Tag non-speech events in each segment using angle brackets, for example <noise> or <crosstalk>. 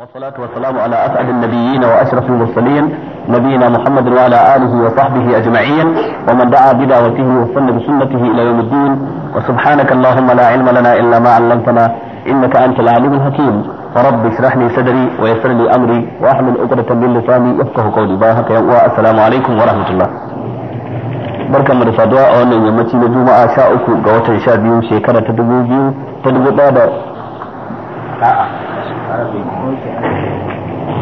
والصلاة والسلام على أسعد النبيين وأشرف المرسلين نبينا محمد وعلى آله وصحبه أجمعين ومن دعا بدعوته وسن بسنته إلى يوم الدين وسبحانك اللهم لا علم لنا إلا ما علمتنا إنك أنت العليم الحكيم فرب اشرح لي صدري ويسر لي أمري وأحمل عقدة من لساني يفقه قولي باهك والسلام عليكم ورحمة الله بركة من da saduwa يمتي نجوم آشاؤكم قوة juma'a sha uku ga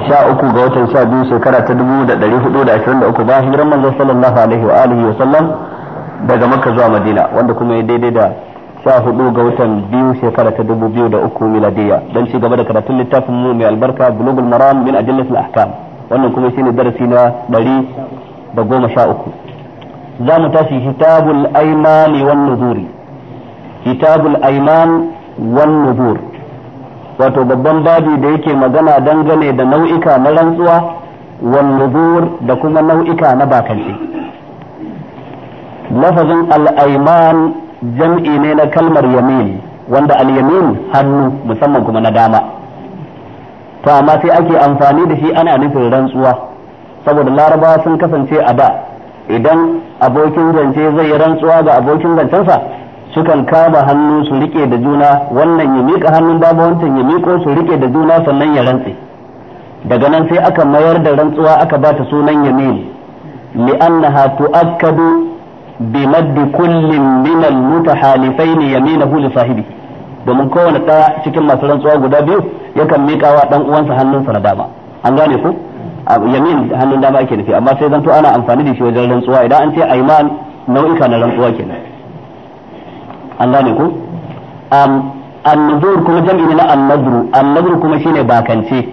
sha uku ga watan sha biyu shekara ta dubu da ɗari hudu da ashirin da uku ba hijiran manzon sallallahu alaihi wa alihi wa sallam daga makka zuwa madina wanda kuma ya daidai da sha hudu ga watan biyu shekara ta dubu biyu da uku miladiya don ci gaba da karatun littafin mu mai albarka bulugul maram min ajillatul ahkam wannan kuma shine darasi na ɗari da goma sha uku za mu tashi kitabul aiman wan nuzuri kitabul aiman wan nuzuri wato babban babi da yake magana dangane da nau'ika na rantsuwa wal nuzur da kuma nau'ika na bakance lafazin al-ayman jam'i ne na kalmar yamin wanda al-yamin hannu musamman kuma na dama to amma sai ake amfani da shi ana nufin rantsuwa saboda laraba sun kasance a da idan abokin zance zai yi rantsuwa ga abokin zancensa sukan kama hannu su rike da juna wannan ya miƙa hannun dama wancan ya miƙo su rike da juna sannan ya rantse daga nan sai aka mayar da rantsuwa aka ba ta sunan yamin annaha tu'akkadu bi madd kullin min al-mutahalifain yaminahu li sahibi domin kowane ɗaya cikin masu rantsuwa guda biyu yakan miƙa wa dan uwansa hannunsa na dama an gane ku yamin hannun dama ake nufi amma sai zanto ana amfani da shi wajen rantsuwa idan an ce aiman nau'ika na rantsuwa kenan Allah ne ko annuzur kuma jam'i na annazru annazru kuma shine bakance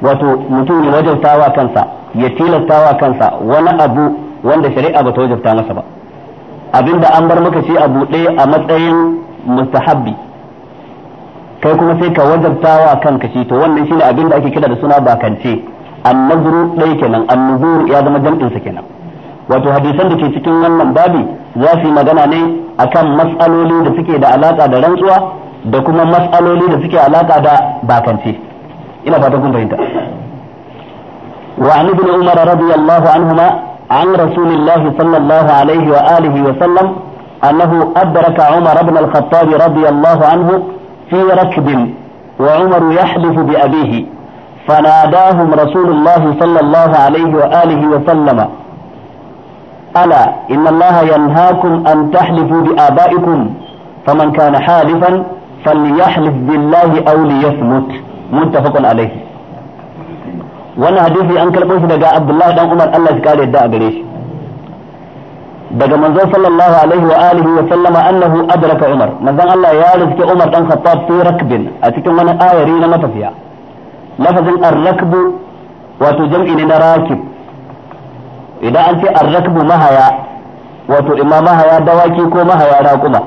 wato mutum ya wajabtawa kansa ya tilastawa kansa wani abu wanda shari'a ba ta wajabta masa ba abinda an bar maka shi abu ɗaya a matsayin mustahabbi kai kuma sai ka wajabtawa kanka shi to wannan shine abinda ake kira da suna bakance annazru ɗaya kenan annuzur ya zama jam'insa kenan wato hadisan da ke cikin wannan babi za su yi magana ne akan matsaloli da suke da alaka da rantsuwa da kuma matsaloli da suke alaka da bakance ina fata kun fahimta wa an ibn umar radiyallahu anhuma an rasulillahi sallallahu alaihi wa alihi wa sallam annahu adraka umar ibn al-khattab radiyallahu anhu fi rakb wa umar yahdithu bi abihi فناداهم رسول الله صلى الله عليه وآله وسلم ألا إن الله ينهاكم أن تحلفوا بآبائكم فمن كان حالفا فليحلف بالله أو ليثبت متفق عليه وانا حديثي أن كلمة دقاء عبد الله دان عمر الله سكال يدعى قريش دقاء منظور صلى الله عليه وآله وسلم أنه أدرك عمر منظور الله يارزك عمر أن خطاب في ركب أتكلم من آية رينا متفيا لفظ الركب وتجمع لنا راكب idan an ce arrakbu mahaya wato imma mahaya dawaki ko mahaya raƙuma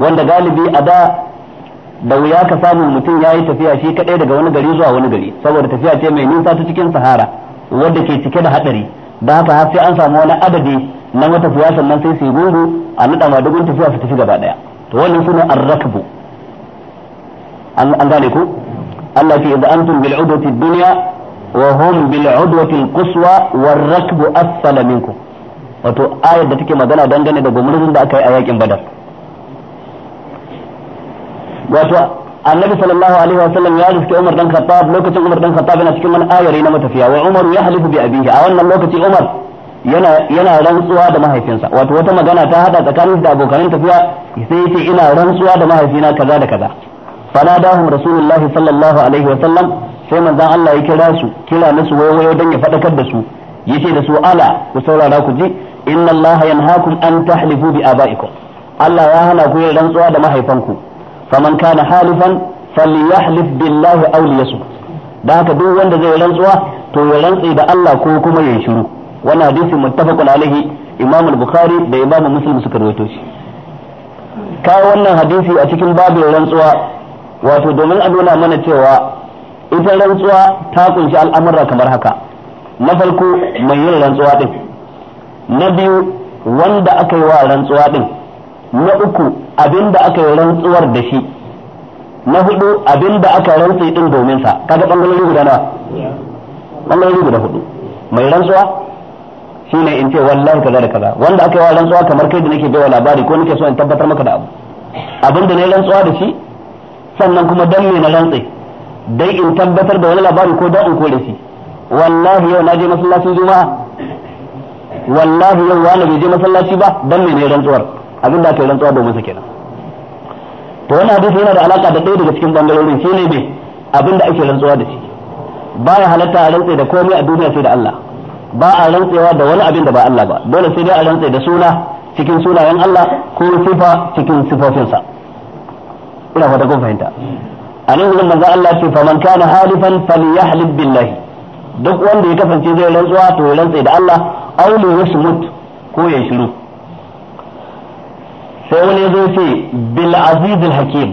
wanda galibi a da da wuya ka samu mutum ya yi tafiya shi kaɗai daga wani gari zuwa wani gari saboda tafiya ce mai nisa ta cikin sahara wadda ke cike da haɗari da haka har sai an samu wani adadi na matafiya sannan sai su yi gungu a naɗa madugun tafiya su tafi gaba ɗaya to wannan suna arrakbu an gane ku Allah fi idan antum bil dunya wa hum bil udwati quswa war wato ayar da take magana dangane da gwamnatin da aka yi a yakin badar wato annabi sallallahu alaihi wasallam ya riske Umar dan Khattab lokacin Umar dan Khattab yana cikin man ayari na matafiya wa Umar ya halifu bi abihi a wannan lokaci Umar yana yana rantsuwa da mahaifinsa wato wata magana ta hada tsakanin da abokan tafiya sai yace ina rantsuwa da mahaifina kaza da kaza fanadahum rasulullahi sallallahu alaihi wasallam sai manzon Allah ya kira su kira nasu wayo dan ya fadakar da su yace da su ala ku saurara ku ji inna Allah yanhaakum an tahlifu bi abaikum Allah ya hana ku yin rantsuwa da mahaifanku faman kana halifan falyahlif billahi aw liyasmut da haka duk wanda zai rantsuwa to ya rantsi da Allah ko kuma ya shiru wannan hadisi muttafaqun alaihi imam al-bukhari da imam muslim suka rawaito shi kai wannan hadisi a cikin babin rantsuwa wato domin a nuna mana cewa ita rantsuwa ta kunshi al'amurra kamar haka na farko mai yin rantsuwa din na biyu wanda aka yi wa rantsuwa din na uku abinda aka yi rantsuwar da shi na hudu abinda aka rantsi din domin sa kaga bangarori guda nawa bangarori guda hudu mai rantsuwa shine in ce wallahi kaza da kaza wanda aka yi wa rantsuwa kamar kai da nake wa labari ko nake so in tabbatar maka da abu abinda ne rantsuwa da shi sannan kuma dan me na rantsi dai in tabbatar da wani labari ko da in kore shi wallahi yau na je masallacin juma'a wallahi yau wani bai je masallaci ba dan mene rantsuwar abin da aka rantsuwa domin sa kenan to wannan hadisi yana da alaka da ɗaya daga cikin bangarorin shi ne me abin da ake rantsuwa da shi ya halatta a rantse da komai a duniya sai da Allah ba a rantsewa da wani abin da ba Allah ba dole sai dai a rantse da suna cikin sunayen Allah ko sifa cikin sifofinsa ina fata kun fahimta anan gurin manzo Allah ce faman kana halifan falyahlib billahi duk wanda ya kasance zai rantsuwa to ya rantsa da Allah aw li yasmut ko ya shiru sai wani zai ce bil aziz al hakim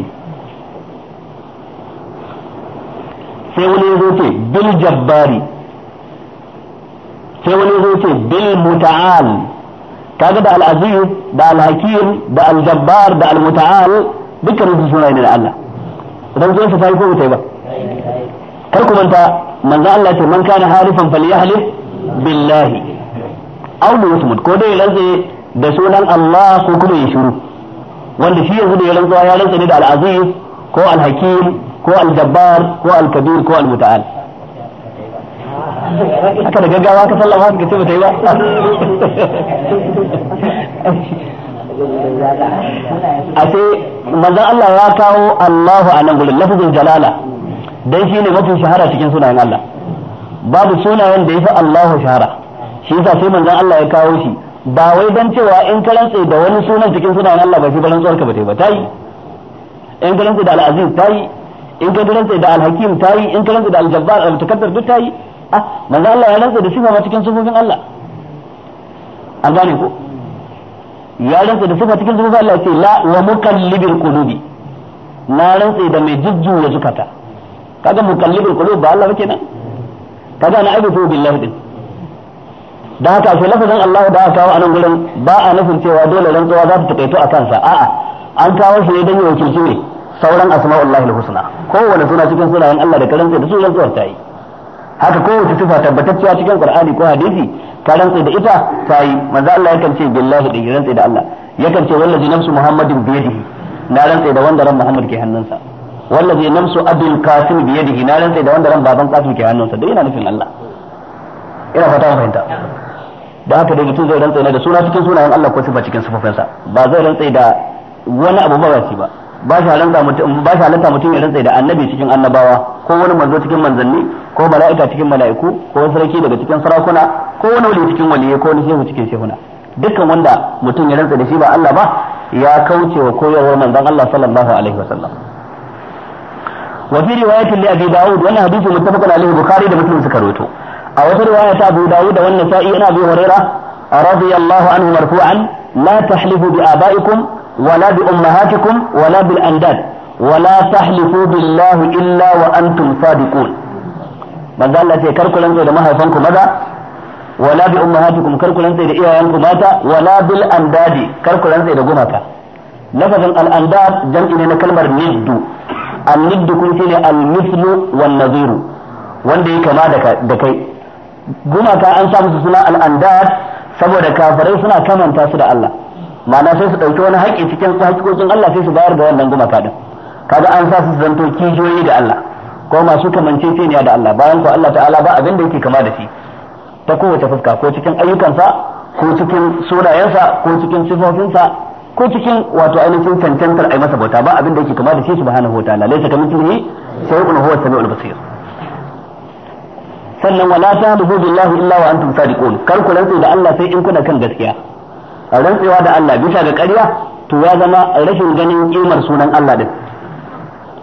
sai wani zai ce bil jabbari sai wani zai ce bil muta'al kaga da al aziz da al hakim da al jabbar da al muta'al dukkan su sunaye ne da Allah rantsuwarsa ta yi ko ta yi ba kar ku manta manzo Allah ce man kana halifan falyahlif billahi aw yusmut ko dai rantsa da sunan Allah ko kuma ya shiru wanda shi yanzu da ya rantsuwa ya rantsa ne da al-aziz ko al-hakim ko al-jabbar ko al-kabir ko al-muta'al haka da gaggawa ka sallama ka ce ba ta yi ba akwai manzon Allah ya kawo Allahu a nan gurin lafazin jalala dan shi ne mafi shahara cikin sunayen Allah babu sunayen da ya fi Allahu shahara shi yasa sai manzon Allah ya kawo shi ba wai dan cewa in ka rantse da wani sunan cikin sunayen Allah ba shi ba rantsuwar ba ta yi in ka rantse da al-aziz yi in ka rantse da al-hakim yi in ka rantse da al-jabbar al-mutakabbir duk yi ah manzo Allah ya rantse da sifa ma cikin sunan Allah an gane ko ya rantsa da sifa cikin zuwa Allah ce la wa mukallibil qulubi na rantsa da mai jujju ya zukata kaga mukallibil qulub ba Allah nan kaga na aibu billahi din da haka sai lafazin Allah da aka kawo anan gurin ba a nufin cewa dole rantsuwa za ta takaito a kansa a'a an kawo shi ne dan yau kirki ne sauran asma'ullahi alhusna husna kowanne suna cikin sunayen Allah da karanta da su rantsuwa ta yi haka kowace sifa tabbatacciya cikin Qur'ani ko hadisi ka rantsa da ita ta yi manzo Allah yakan ce billahi da rantsa da Allah yakan ce wallazi nafsu muhammadin yadihi na rantsa da wanda ran muhammad ke hannunsa wallazi nafsu abdul qasim yadihi na rantsa da wanda ran baban qasim ke hannunsa duk ina nufin Allah ina fata mun fahimta da haka dai mutum zai rantsa ne da suna cikin sunayen Allah ko sifa cikin sifofinsa ba zai rantsa da wani abu ba ba ba shi halatta mutum ba shi halatta mutum ya rantsa da annabi cikin annabawa ko wani manzo cikin manzanni ko mala'ika cikin mala'iku ko sarki daga cikin sarakuna ko wani wali cikin waliye ko wani shehu cikin shehuna dukkan wanda mutum ya rantsa da shi ba Allah ba ya kauce wa koyarwar manzon Allah sallallahu alaihi wasallam wa fi riwayatin li abi daud wannan hadisi muttafaqun alaihi bukhari da muslim suka rawaito a wata riwaya ta abu daud da wannan sa'i ina abu hurairah radiyallahu anhu marfu'an la tahlifu bi abaikum ولا بأمهاتكم ولا بالأنداد ولا تحلفوا بالله إلا وأنتم صادقون manzo Allah ce kar ku da mahaifanku maza wala bi ummahatikum kar ku rantsa da iyayenku mata wala bil andadi kar ku da gumaka lafazin al andad jam'i ne na kalmar niddu al niddu kun ne al mithlu wan naziru wanda ya kama da kai gumaka an sa musu suna al andad saboda kafirai suna kamanta su da Allah ma'ana sai su dauki wani haƙƙi cikin haƙƙoƙin Allah sai su bayar da wannan gumaka din kaga an sa su zanto kijiyoyi da Allah ko masu ne da Allah bayan ko Allah ta'ala ba abin da yake kama da shi ta kowace fuska ko cikin ayyukansa ko cikin sunayensa ko cikin sifofinsa ko cikin wato ainihin cancantar ai masa bauta ba abin da yake kama da shi subhanahu wataala laysa sai shay'un huwa samiul basir sannan wala tahdu billahi illa wa antum sadiqun kar ku rantsu da Allah sai in kuna kan gaskiya rantsuwa da Allah bisa ga ƙarya to ya zama rashin ganin kimar sunan Allah din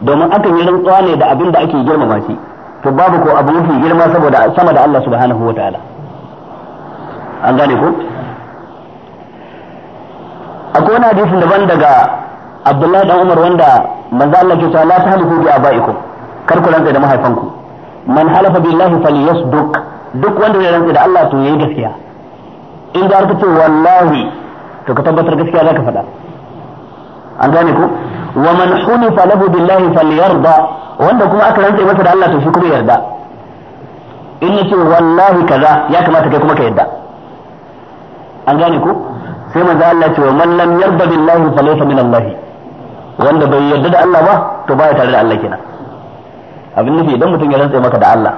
domin akan yi rantsuwa ne da abin da ake girmama shi to babu ko abu mafi girma saboda sama da Allah subhanahu wataala an gane ko akwai wani daban daga Abdullahi dan Umar wanda manzo Allah ke cewa la tahliku bi abaikum kar ku rantsa da mahaifanku man halafa billahi falyasduq duk wanda ya rantsa da Allah to yayi gaskiya in da ka ce wallahi to ka tabbatar gaskiya zaka faɗa an gane ko wa man hunifa lahu billahi falyarda wanda kuma aka rantsa masa da Allah to shi kuma yarda in yace wallahi kaza ya kamata kai kuma ka yarda an gane ko sai manzo Allah ce wa man lam yarda billahi falaysa min wanda bai yarda da Allah ba to baya tare da Allah kenan abin nufi idan mutum ya rantsa maka da Allah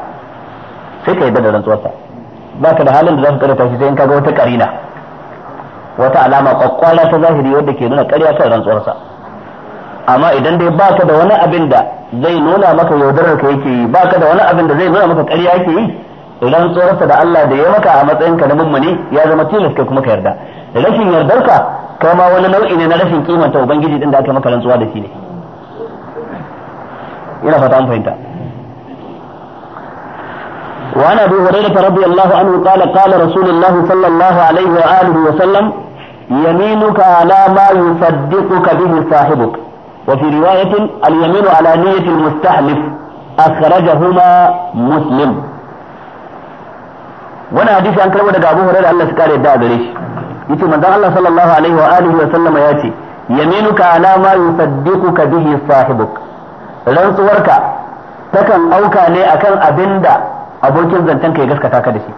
sai ka yarda da baka da halin da zaka ta shi sai in kaga wata karina wata alama kwakwala ta zahiri wadda ke nuna ƙarya kan rantsuwarsa amma idan dai baka da wani abin da zai nuna maka yaudarar ka yake yi baka da wani abin da zai nuna maka ƙarya yake yi idan tsorarsa da Allah da ya maka a matsayin ka na mummuni ya zama tilas kai kuma ka yarda rashin yardarka kai ma wani nau'i ne na rashin kimanta ubangiji din da aka maka rantsuwa da shi ne ina fata an fahimta وعن ابي هريره رضي الله عنه قال قال رسول الله صلى الله عليه واله وسلم يمينك على ما يصدقك به صاحبك وفي رواية اليمين على نية المستحلف أخرجهما مسلم wani hadisi an karɓo daga Abu Hurairah Allah su kare da gare shi yace manzon Allah sallallahu alaihi wa alihi wa sallama yace yaminuka ala ma yusaddiquka bihi sahibuk rantsuwarka takan auka ne akan abinda abokin zancen ka ya gaskata ka da shi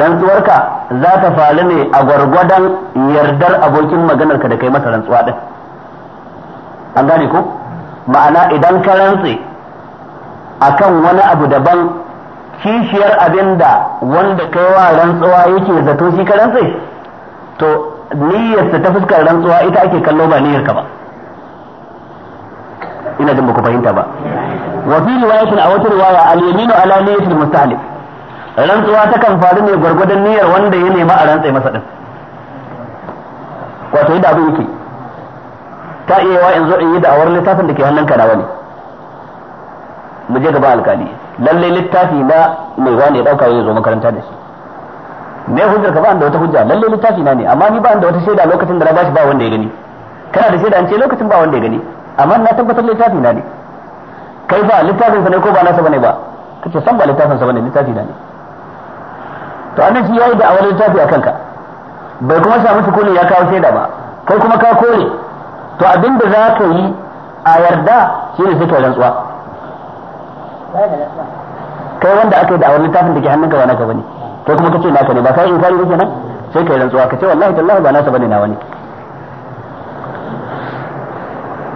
rantsuwarka za ta faru ne a gwargwadon yardar abokin maganar ka da kai masa rantsuwa din an gane ko ma'ana idan ka rantse akan wani abu daban kishiyar abin da wanda kai wa rantsuwa yake zato shi ka rantse to niyyar ta fuskar rantsuwa ita ake kallo ba niyyar ka ba ina jin baku fahimta ba wa fi riwayatin a wata riwaya al-yaminu ala niyyatil mustahlif rantsuwa ta kan faru ne gwargwadon niyyar wanda ya nema a rantsa masa din wato yadda abin yake ta iya wa in zo in yi da'awar littafin da ke hannunka nawa ne mu je gaba alkali lalle littafi na mai wani ya dauka ya zo makaranta da shi ne hujjar ka ba da wata hujja lalle littafi na ne amma ni ba da wata shaida lokacin da na bashi ba wanda ya gani kana da shaida an ce lokacin ba wanda ya gani amma na tabbatar littafi na ne kai ba littafin sa ne ko ba nasa bane ba kace san ba littafin sa bane littafi na ne to annan shi yayi da awar littafi akan ka bai kuma samu tukuni ya kawo shaida ba kai kuma ka kore to abin da za ka yi a yarda shi ne sai ka rantsuwa kai wanda aka yi da'awar littafin da ke hannun ka ba gaba ne kai kuma kace naka ne ba kai in kai kake nan sai kai rantsuwa kace wallahi tallahi ba nasa bane nawa ne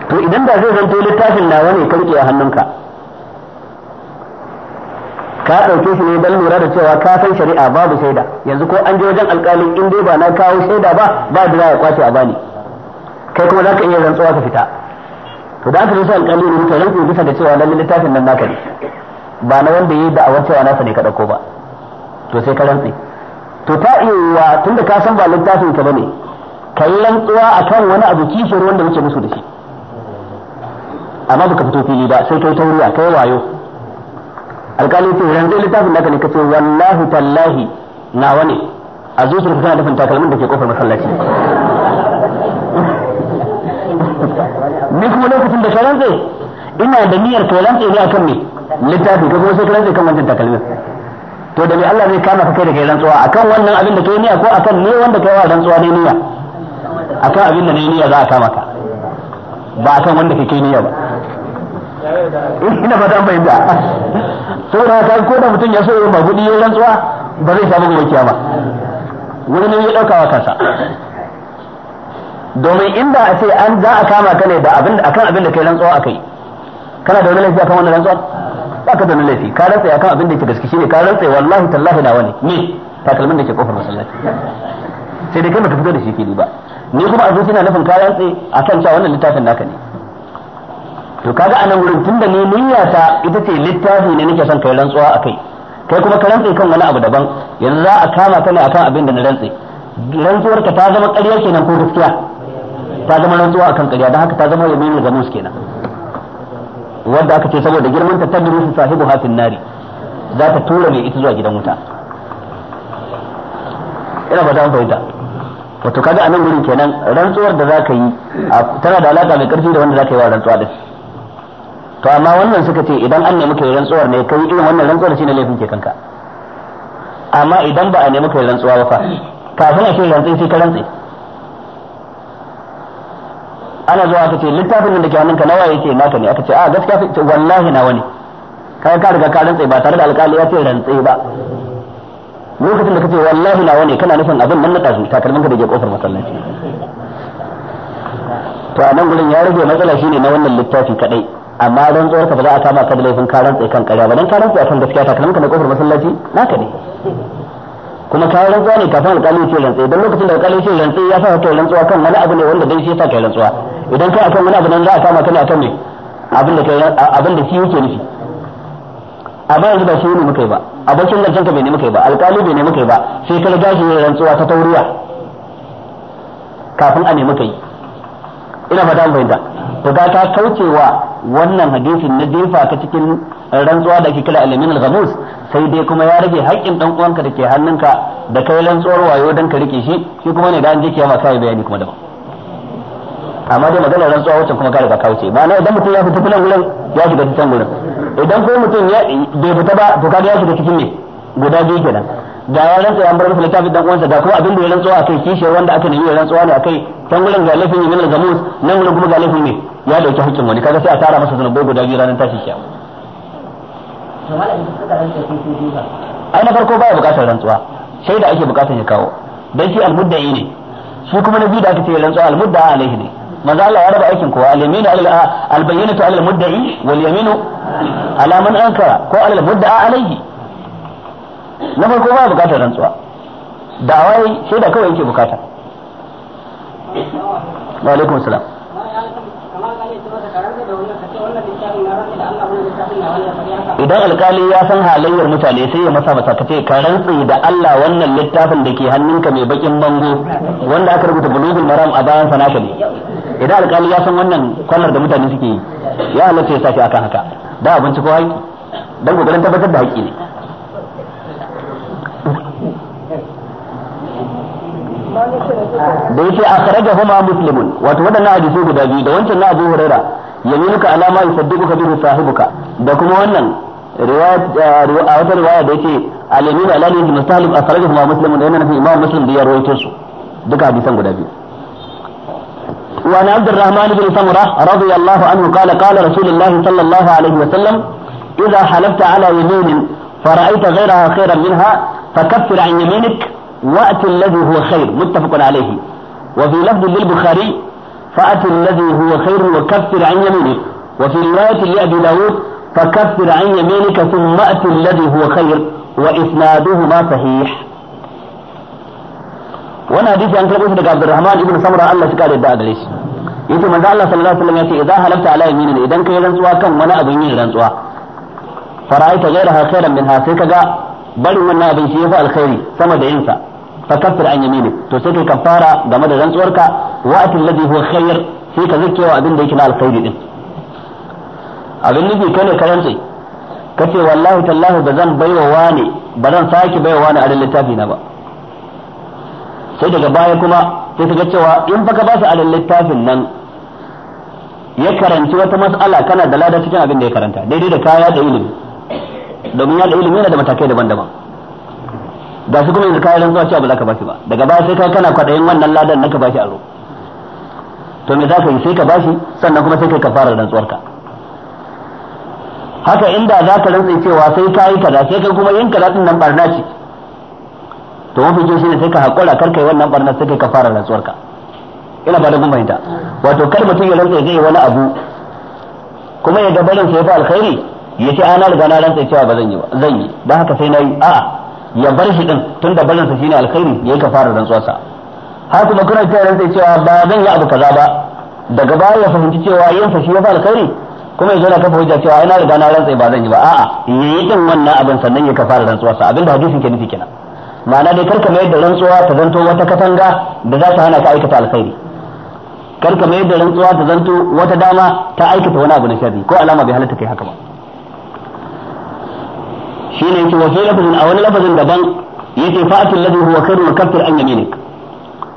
to idan da zai zanto littafin nawa ne rike a hannunka ka ɗauke shi ne dan lura da cewa ka san shari'a babu shaida yanzu ko an je wajen alƙalin in dai ba na kawo shaida ba ba da za ya kwace a bani kai kuma za ka iya rantsuwa ka fita to da aka yi alƙalin kalli rubuta rantsu bisa da cewa lallai littafin nan naka ne ba na wanda ya yi da'awar cewa nasa ne ka ɗauko ba to sai ka rantsi to ta iya tun tunda ka san ba littafin ka bane ka yi rantsuwa akan wani abu kishiyar wanda muke musu da shi amma baka fito fili ba sai kai tauriya kai wayo alƙalin ce rantsi littafin naka ne ka ce wallahi tallahi nawa ne a zuciyarka kana nufin takalmin da ke kofar masallaci kuma lokacin da ka rantse ina da niyyar to rantse ne akan me littafi ka kuma sai ka rantse kan wancan takalmin to da me Allah zai kama ka kai da kai rantsuwa akan wannan abin da kai niyya ko akan ne wanda kai wa rantsuwa ne niyya akan abin da ne niyya za a kama ka ba akan wanda kake niyya ba ina ba dan bayyana saboda kai ko da mutum ya so ya gudi ya rantsuwa ba zai samu gobe kiyama wani ne ya dauka wa kansa domin ba a ce an za a kama ka ne da abin akan abin da kai rantsuwa akai kana da wani laifi akan wannan rantsuwa ba ka da wani laifi ka rantsa akan abin da yake gaske shine ka rantsa wallahi tallahi na wani ni takalmin da ke kofar masallaci sai dai kai baka fito da shi fili ba ni kuma a zuciya nufin ka rantsa akan cewa wannan littafin naka ne to kaga a nan tun tunda ni ta ita ce littafi ne nake son kai rantsuwa akai kai kuma ka rantsa kan wani abu daban yanzu za a kama ka ne akan abin da na rantsa rantsuwar ka ta zama ƙarya kenan ko gaskiya ta zama rantsuwa akan ƙarya don haka ta zama yamin ga mus kenan wanda aka ce saboda girman ta tadru su sahibu hafin nari za ta tura mai ita zuwa gidan wuta ina ba ta fahimta wato kaga anan gurin kenan rantsuwar da zaka yi tana da alaka mai karfi da wanda zaka yi wa rantsuwa din to amma wannan suka ce idan an nemi kai rantsuwar ne kai irin wannan rantsuwar shine laifin ke kanka amma idan ba a nemi kai rantsuwa ba fa kafin a ce rantsi sai ka rantsi ana zuwa aka ce littafin da ke hannunka nawa yake naka ne aka ce a ah, gaskiya ce wallahi nawa ne kai ka riga ka rantsa ba tare da alƙali ya ce rantsa ba lokacin da kace wallahi nawa ne kana nufin abin nan na tasu takalmin ka da ke kofar masallaci to a nan gurin ya rage matsala shine na wannan littafi kadai amma tsawar ka ba za a kama ka da laifin ka rantsa kan ƙarya ba dan ka rantsa kan gaskiya takalmin ka da kofar masallaci naka ne kuma ka rantsuwa ne kafin alƙalin ce rantsuwa idan lokacin da alƙalin ce rantsuwa ya sa ta rantsuwa kan wani abu ne wanda dai shi sa ka rantsuwa idan kai akan wani abu nan za a kama kana kan ne abin da abin da shi yake nufi amma yanzu ba shi ne muka yi ba abokin zancen ka bai ne muka yi ba alƙali bai ne muka yi ba sai ka riga shi rantsuwa ta tauriya kafin a ne muka yi ina fata an fahimta to ta kaucewa wannan hadisin na jefa ta cikin rantsuwa da ake kira alimin alghamus sai dai kuma ya rage haƙƙin dan uwanka da ke hannunka da kai rantsuwar wayo dan ka rike shi shi kuma ne da an je kiyama sai bayani kuma daban amma dai maganar rantsuwa wacce kuma ka riga ka wuce ma'ana idan mutum ya fita filan gurin ya shiga cikin gurin idan ko mutum ya bai fita ba to kaga ya shiga cikin ne guda biyu kenan ga ya rantsa ya bar filata littafin dan uwansa ga kuma abin da ya rantsuwa akai kishi wanda aka nemi ya rantsuwa ne akai can gurin ga laifin yamin al-gamus nan gurin kuma ga laifin ne ya dauki hakkin wani kaga sai a tara masa zanubai guda biyu ranar tashi kiyama ai na farko baya bukatar rantsuwa da ake bukatar ya kawo dan shi almuddai ne shi kuma na biyu da aka ce rantsuwa almudda alaihi ne manzo Allah ya raba aikin kowa al-yaminu al-bayyinatu al-mudda'i wal yaminu ala man ankara ko ala al-mudda'a alaihi na farko baya bukatar rantsuwa da wai da kawai yake bukata wa alaikum salam idan alkali ya san halayyar mutane sai ya masa masa kace ka rantsi da Allah wannan littafin da ke hannunka mai bakin bango wanda aka rubuta bulugul maram a bayan sanaka ne idan alkali ya san wannan kwallar da mutane suke yi ya halatta ya sake akan haka da abinci ko haƙi dan gogarin tabbatar da haƙi ne da yake akhrajahuma muslimun wato wadannan hadisi guda biyu da wancan na Abu Hurairah يمينك على ما يصدقك به صاحبك دكم وانا رواية آه, آه، رواية آه ديكي اليمين على نيجي مستهلب أخرجه مع مسلم إن أنا إمام مسلم دي رواية تسو دكا حديثا دي وعن عبد الرحمن بن سمرة رضي الله عنه قال قال رسول الله صلى الله عليه وسلم إذا حلفت على يمين فرأيت غيرها خيرا منها فكفر عن يمينك وأت الذي هو خير متفق عليه وفي لفظ للبخاري فأت الذي هو خير وكفر عن يمينك وفي رواية لأبي داود فكفر عن يمينك ثم أت الذي هو خير وإسنادهما صحيح وانا حديث عن كلمة عبد الرحمن ابن سمرة الله سكال الداد ليش يتو من الله صلى الله عليه وسلم يأتي إذا هلفت على يمينك إذا انك يرنسوا كم ولا أبو يمين رنسوا فرأيت غيرها خيرا منها سيكذا بل من أبو يسيفا الخيري سمد إنسا فكفر عن يمينك تسيك كفارة دمد رنسوا wa atul ladhi huwa khair sai ka zakewa abin da yake na alkhairi din abin nufi kai ne karanci kace wallahi tallahi ba zan baiwa wani ba zan sake baiwa wani a littafi na ba sai daga baya kuma sai ka ga cewa in baka ba su adal littafin nan ya karanta wata mas'ala kana da lada cikin abin da ya karanta daidai da kaya da ilimi domin ya da ilimi yana da matakai daban-daban ga su kuma yanzu kayan zuwa cewa ba za ka ba shi ba daga baya sai kai kana kwaɗayin wannan ladan na ka ba shi a ruwa. to me za ka yi sai ka bashi sannan kuma sai kai kafarar rantsuwarka haka inda za ka rantsa cewa sai ka yi kaza sai kai kuma yin kaza din nan barna ce to mafi kyau shine sai ka hakura kar kai wannan barna sai kai kafarar rantsuwarka ina ba da kun fahimta wato kar mutum ya rantsa zai wani abu kuma ya gabarin sai fa alkhairi ya ce ana riga na rantsa cewa ba zan yi ba zan yi dan haka sai na yi a'a ya bar shi din tunda barin sa shine alkhairi yayi kafarar rantsuwarsa hasu da kuna cewa sai cewa ba zan yi abu kaza ba daga baya ya fahimci cewa yin sa shi ya fa alkhairi kuma zo na kafa hujja cewa ina riga na rantsa ba zan yi ba a'a yi din wannan abin sannan ya kafara rantsuwa sa abinda hadisin ke nufi kenan ma'ana dai karka mayar da rantsuwa ta zanto wata katanga da za ta hana ka aikata alkhairi karka mayar da rantsuwa ta zanto wata dama ta aikata wani abu na sharri ko alama bai halatta kai haka ba shine yake wasu lafazin a wani lafazin daban yake fa'atul ladhi huwa khairun kaffir an yaminik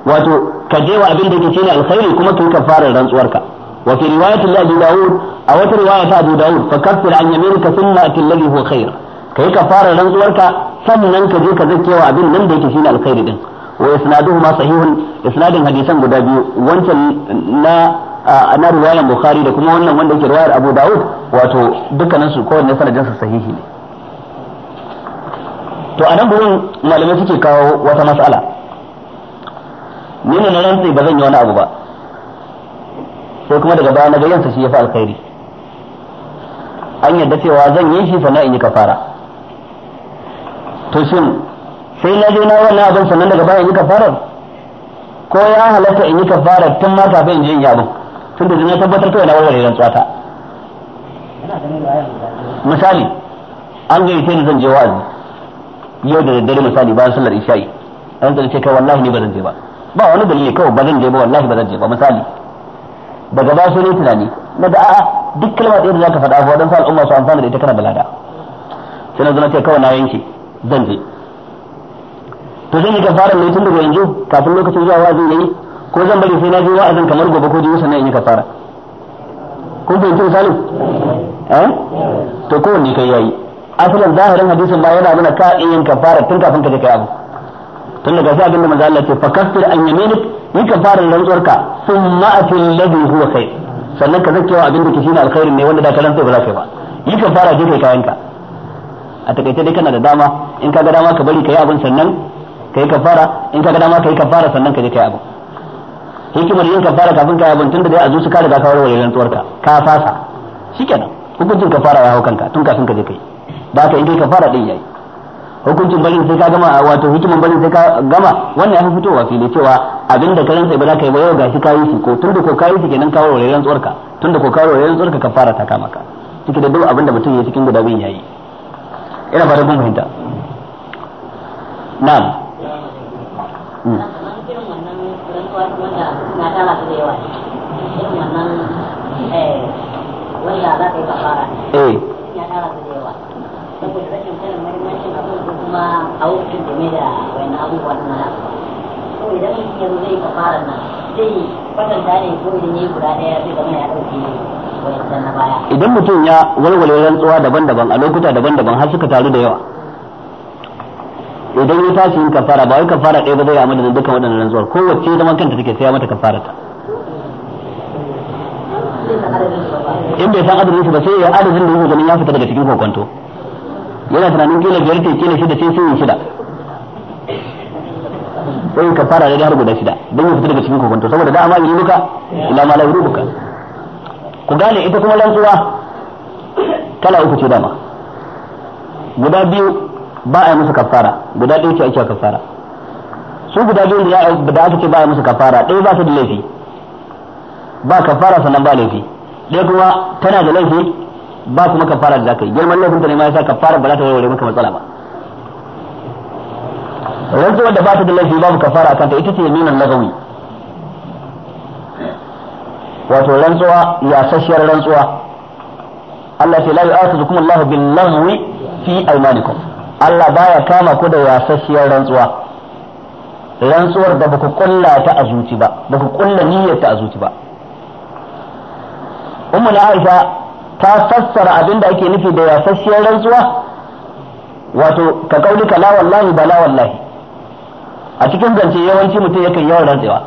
wato ka je wa abin da yake shine alkhairi kuma ka fara rantsuwarka wa fi riwayatin Abi Dawud a wata riwaya ta Abu Dawud fa kaffir an yaminika thumma ati alladhi huwa khair kai ka fara rantsuwarka sannan ka je ka wa abin nan da yake shine alkhairi din wa ma sahihun isnadin hadisan guda biyu wancan na na riwayar Bukhari da kuma wannan wanda yake riwayar Abu Dawud wato dukkanin su kowanne sanadin su sahihi ne to nan gurin malamai suke kawo wata mas'ala ni ne na rantsi ba zan yi wani abu ba sai kuma daga baya na ga yansa shi ya fi alkhairi an yarda cewa zan yi shi sannan in yi kafara to shin sai na je na wannan abin sannan daga baya in yi kafarar ko ya halatta in yi kafarar tun ma kafin in je in yi abin tun da na tabbatar kawai na warware rantsuwa ta misali an gayyace ni zan je wa'azi yau da daddare misali bayan sallar isha'i an zan ce kai wallahi ni ba zan je ba ba wani dalili kawai ba zan je ba wallahi ba zan je ba misali daga ba su ne tunani na da a'a duk kalma ɗaya da zaka faɗa fa wadansu al'umma su amfana da ita kana da lada sai na zo na ce kawai na yanke zan je to zan yi fara ne tun daga yanzu kafin lokacin zuwa wajen yayi ko zan bari sai na je wa'azin kamar gobe ko jiya sannan in yi fara kun fahimci misali eh to kowanne kai yayi asalin zahirin hadisin ba yana nuna ka yin kafara tun kafin ka je kai abu tun daga sai abinda manzo Allah ke fakaffir an yaminik yi ka fara ka thumma atil ladhi huwa khair sannan ka zake wa abinda ke shine alkhairin ne wanda da kalan sai ba za ka ba yi ka fara je kai kayanka a takaice dai kana da dama in ka ga dama ka bari kai abin sannan kai fara in ka ga dama kai fara sannan ka je kai abin hikimar yin fara kafin kai abin tunda dai a zuci ka riga ka warware rantsuwarka ka fasa shikenan hukuncin ka fara ya hau kanka tun kafin ka je kai da haka in kai kafara din yayi hukuncin barin sai ka gama wato hikiman barin sai ka gama wannan ya fi fitowa fili cewa abinda ka rantsa ba za ka yi ba yau gashi kayi shi ko tunda ko kayi shi kenan ka rayuwar tsorka ka tunda ko ka rayuwar tsorka ka fara ta maka ciki da duk abinda mutum ya cikin guda bin yayi ina fara bin fahimta na'am hmm. eh, eh, wanda za ka yi eh da kuma a wucin game da wani abubuwan na to idan yanzu zai ka fara nan zai kwatanta ne ko idan yayi guda daya zai zama ya dauke idan mutum ya walwale rantsuwa daban-daban a lokuta daban-daban har suka taru da yawa idan ya tashi yin kafara ba wai kafara ɗaya ba zai amma da dukkan waɗannan rantsuwar wacce zaman kanta take sai ya mata kafara ta in bai san adadin ba sai ya adadin da yake ganin ya fita daga cikin kokonto yana tunanin kila biyar ta kila shida sai sun yi shida sai ka fara da har guda shida don ya fita daga cikin kokonto saboda da amma yi duka ila ma la yurubuka ku gane ita kuma rantsuwa kala uku ce dama guda biyu ba a yi musu kafara guda ɗaya ce ake kafara su guda biyu da aka ce ba a yi musu kafara ɗaya ba su da laifi ba kafara sannan ba laifi ɗaya kuma tana da laifi ba kuma kafara da zaka yi girman laifin ta ne ma yasa kafara ba za ta warware maka matsala ba rantsuwa da ba ta da laifi babu kafara kan ta ita ce yaminan lagawi wato rantsuwa ya sashiyar rantsuwa Allah ce la yu'akhidhukum Allah bil lagwi fi aymanikum Allah baya kama ku da yasasshiyar rantsuwa rantsuwar da baka kulla ta a zuci ba baka kulla niyyar ta a zuci ba ummu na Aisha ta fassara abin da ake nufi da yasasshiyar rantsuwa wato ka kauli ka lawan wallahi ba la wallahi a cikin zance yawanci mutum yakan yawan rantsewa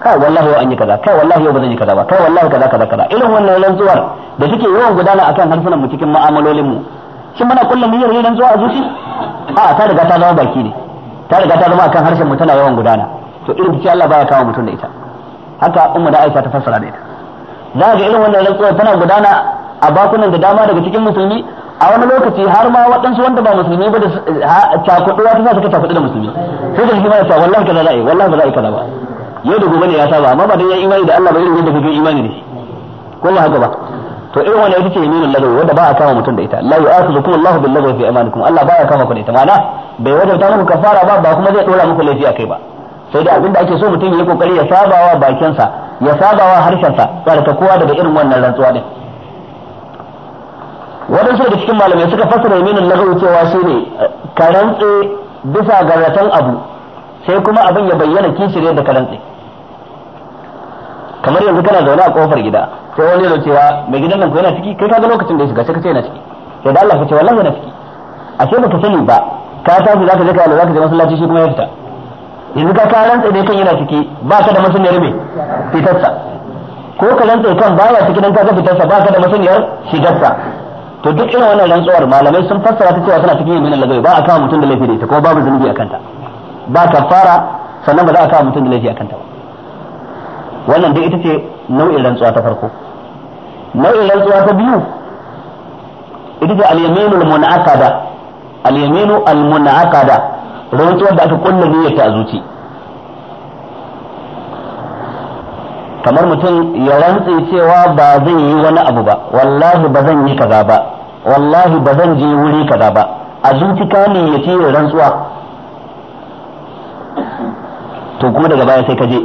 kai wallahi yau an yi kaza kai wallahi yau ba zan yi kaza ba kai wallahi kaza kaza kaza irin wannan rantsuwar da suke yawan gudana akan harsunan mu cikin mu'amalolin mu shin muna kullum niyyar yin rantsuwa a zuci a ta riga ta zama baki ne ta riga ta zama akan harshen mu tana yawan gudana to irin ce Allah baya kawo mutum da ita haka ummu da Aisha ta fassara da ita za ga irin wannan rantsuwar tana gudana a bakunan da dama daga cikin musulmi a wani lokaci har ma waɗansu wanda ba musulmi ba da cakuɗuwa ta sa suka cakuɗu da musulmi sai da shi ma ya sa wallahi kaza za yi wallahi ba za a yi kaza ba yau da gobe ne ya saba amma ba dan ya imani da Allah ba irin yadda kake imani ne ko ba haka ba to irin wannan ita ce yaminul ladawi wanda ba a kama mutum da ita la yu'akhidhukum Allahu bil ladawi fi imanikum Allah ba ya kama ku da ita ma'ana bai ta muku kafara ba ba kuma zai dora muku laifi akai ba sai da abinda ake so mutum ya yi kokari ya sabawa bakinsa ya sabawa harshensa kowa daga irin wannan rantsuwa din waɗansu da cikin malamai suka fassara yaminin lagawi cewa shi ne eh, karantse bisa ga zaton abu sai kuma abin ya bayyana kishire da karantse kamar yanzu kana zaune a kofar gida sai wani yana cewa mai gidan nan ko yana ciki kai ka ga lokacin da ya shiga sai ka ce yana ciki sai da Allah ka ce wallahi yana ciki a ce baka sani ba ka tashi zaka je ka yi zaka je masallaci shi kuma ya fita yanzu ka ka rantse dai kan yana ciki ba ka da masaniyar me fitarsa ko ka rantsa kan baya ciki dan ka ga fitarsa ba ka da masaniyar shigarsa to duk irin wannan rantsuwar malamai sun fassara ta cewa tana cikin yaminan lagawi ba a kama mutum da laifi da ita kuma babu zunubi a kanta ba fara sannan ba za a kama mutum da laifi a kanta ba wannan dai ita ce nau'in rantsuwa ta farko nau'in rantsuwa ta biyu ita ce al-yaminul munaqada al-yaminu al-munaqada rantsuwar da aka kulla niyyar ta a zuci kamar mutum ya rantse cewa ba zai yi wani abu ba wallahi ba zan yi kaza ba wallahi ba zan je wuri kaza ba a ka ne ya ce rantsuwa to ko daga baya sai ka je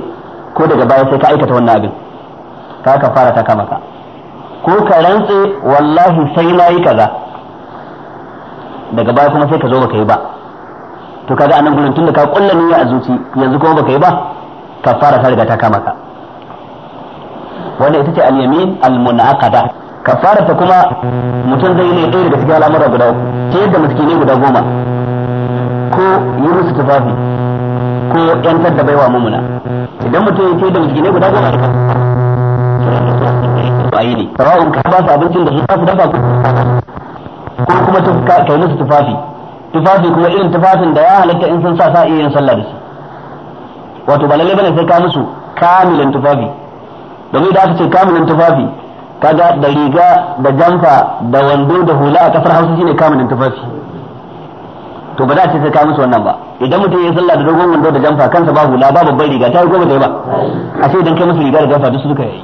ko daga baya sai ka aikata wannan abin ka ka fara ta kama ka ko ka rantse wallahi sai na yi kaza daga baya kuma sai ka zo ba yi ba to kaga anan gurin tunda ka kulla niyya a zuci yanzu kuma baka yi ba ka fara ta riga ta kama ka wannan ita ce al-yamin al-munaqada kafara ta kuma mutum zai ne ɗaya daga cikin al'amura guda uku ta yadda ne guda goma ko yi musu tufafi ko yantar da baiwa mumuna idan mutum ya ce da ne guda goma a yi ne rawun ka ba su abincin da su tafi dafa ko kuma ta kai musu tufafi tufafi kuma irin tufafin da ya halatta in sun sa sa iya yin sallah da su wato ba lalle bane sai ka musu kamilin tufafi domin da aka ce kamilin tufafi kaga da riga da jamfa da wando da hula a kasar hausa shine kamun tufafi to ba za a ce sai ka musu wannan ba idan mutum ya sallah da dogon wando da jamfa kansa ba hula ba babbar riga ta yi goma da ba a ce idan kai musu riga da jamfa duk suka yi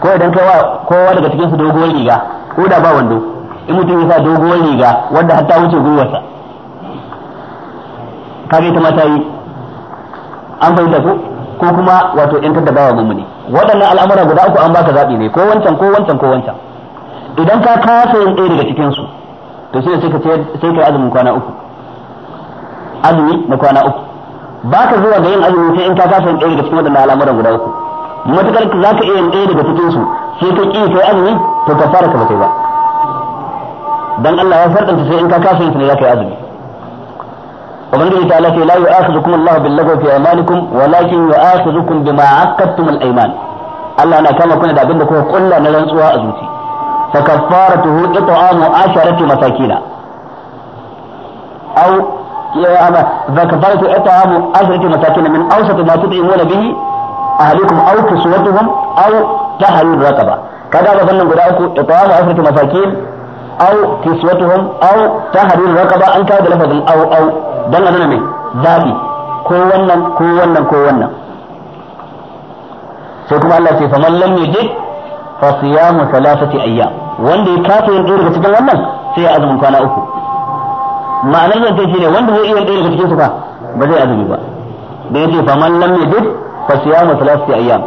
ko idan kai wa kowa daga cikin su dogon riga ko da ba wando in mutum ya sa dogon riga wanda hatta wuce gwiwarsa kaga ita ma ta yi an fahimta ko ko kuma wato in da bawa mumuni waɗannan al'amura guda uku an baka zaɓi ne ko wancan ko wancan ko wancan idan ka kasa yin ɗaya daga cikin su to sai sai ka sai kai azumin kwana uku azumi na kwana uku baka zuwa ga yin azumi sai in ka kasa yin ɗaya daga cikin waɗannan al'amura guda uku matukar za ka iya yin ɗaya daga cikin su sai ka ƙi kai azumi to ka fara ka ba kai ba dan Allah ya farɗanta sai in ka kasa yin su ne za ka yi azumi وبنجي تعالى لا يؤاخذكم الله باللغو في ايمانكم ولكن يؤاخذكم بما عقدتم الايمان الله انا كان كنا دابن دكو قلنا نرنسوا ازوتي فكفارته اطعام عشرة مساكين او فكفارته اطعام عشرة مساكين من اوسط ما تطعمون به اهلكم او كسوتهم او تحل الرقبة كذا ظن قدعك اطعام عشرة مساكين او كسوتهم او تحل الرقبة ان كاد لفظ او او dan azana mai zabi ko wannan ko wannan ko wannan sai kuma Allah ce faman lam yajid fa siyamu thalathati ayyam wanda ya kafa yin daga cikin wannan sai ya azumin kwana uku ma'anar zan ce shine wanda zai iya yin daga cikin su ba ba zai azumi ba da yace faman lam yajid fa siyamu thalathati ayyam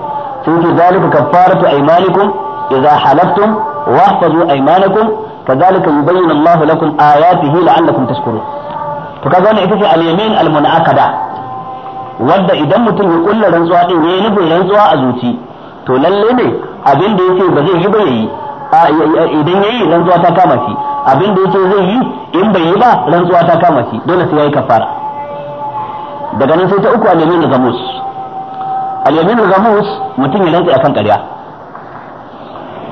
sun ce zalika kaffaratu aymanikum idza halaftum واحفظوا ايمانكم كذلك يبين الله لكم اياته لعلكم تشكرون to kaga wannan ita ce al-yamin al-munakada wanda idan mutum ya kulla rantsuwa din yayi nufin rantsuwa a zuci to lalle ne abin da yake ba zai yi ba yayi idan yayi rantsuwa ta kama shi abin da yake zai yi in bai yi ba rantsuwa ta kama shi dole sai yayi kafara daga nan sai ta uku al-yamin gamus al-yamin gamus mutum ya rantsa akan ƙarya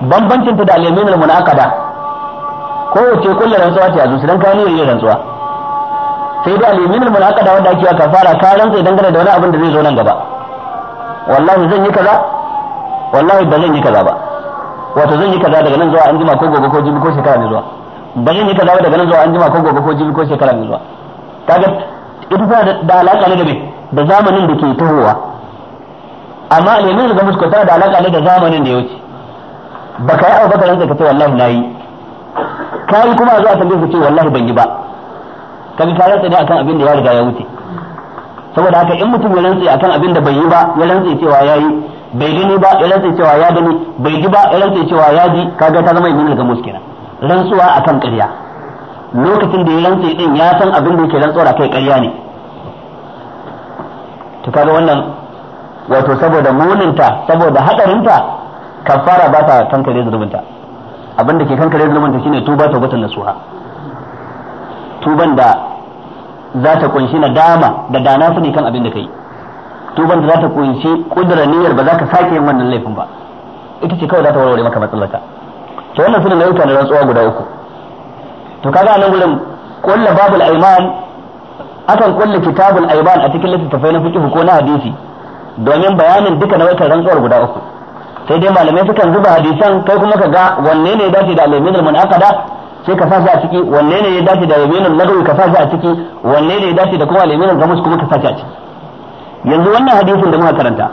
bambancin ta da al-yamin al-munakada kowace kullu rantsuwa ta a zuci dan kawo ne rantsuwa sai da alimin munaqada wanda ake aka fara ka rantsa dangane da wani abin da zai zo nan gaba wallahi zan yi kaza wallahi ba zan yi kaza ba wato zan yi kaza daga nan zuwa an jima ko gobe ko jibi ko shekara mai zuwa ba zan yi kaza daga nan zuwa an jima ko gobe ko jibi ko shekara mai zuwa kaga ita tana da alaka ne da me da zamanin da ke tahowa amma aliminul ga musko tana da alaka ne da zamanin da ya wuce baka yi abubakar rantsa ka ce wallahi na yi kuma a zuwa tambaye ka ce wallahi ban yi ba ka ka tsaye ne akan abin da ya riga ya wuce saboda haka in mutum ya rantsa akan abin da bai yi ba ya rantsi cewa ya yi bai gani ba ya rantsi cewa ya gani bai ji ba ya rantsi cewa ya ji kaga ta zama daga ga muskina rantsuwa akan ƙarya lokacin da ya rantsi din ya san abin da yake rantsuwa kai ƙarya ne to kaga wannan wato saboda muninta saboda hadarinta kafara ba ta kankare zulubinta abin da ke kankare zulubinta shine tuba tawbatan nasuha tuban da za ta kunshi nadama da dana su ne kan abin da kai tuban da za ta kunshi kudura niyyar ba za ka sake yin wannan laifin ba ita ce kawai za ta warware maka matsalata to wannan sunan nau'uka na rantsuwa guda uku to kaga nan gurin kulla babul aiman akan kulla kitabul aiman a cikin littattafai na fiqh ko na hadisi domin bayanin duka nau'ikan rantsuwar guda uku sai dai malamai sukan zuba hadisan kai kuma ka ga wanne ne dace da alaimin al-munaqada sai ka sa a ciki wanne ne ya dace da yaminin lagawi ka sa a ciki wanne ne ya dace da kuma yaminin gamus kuma ka sa a ciki yanzu wannan hadisin da muka karanta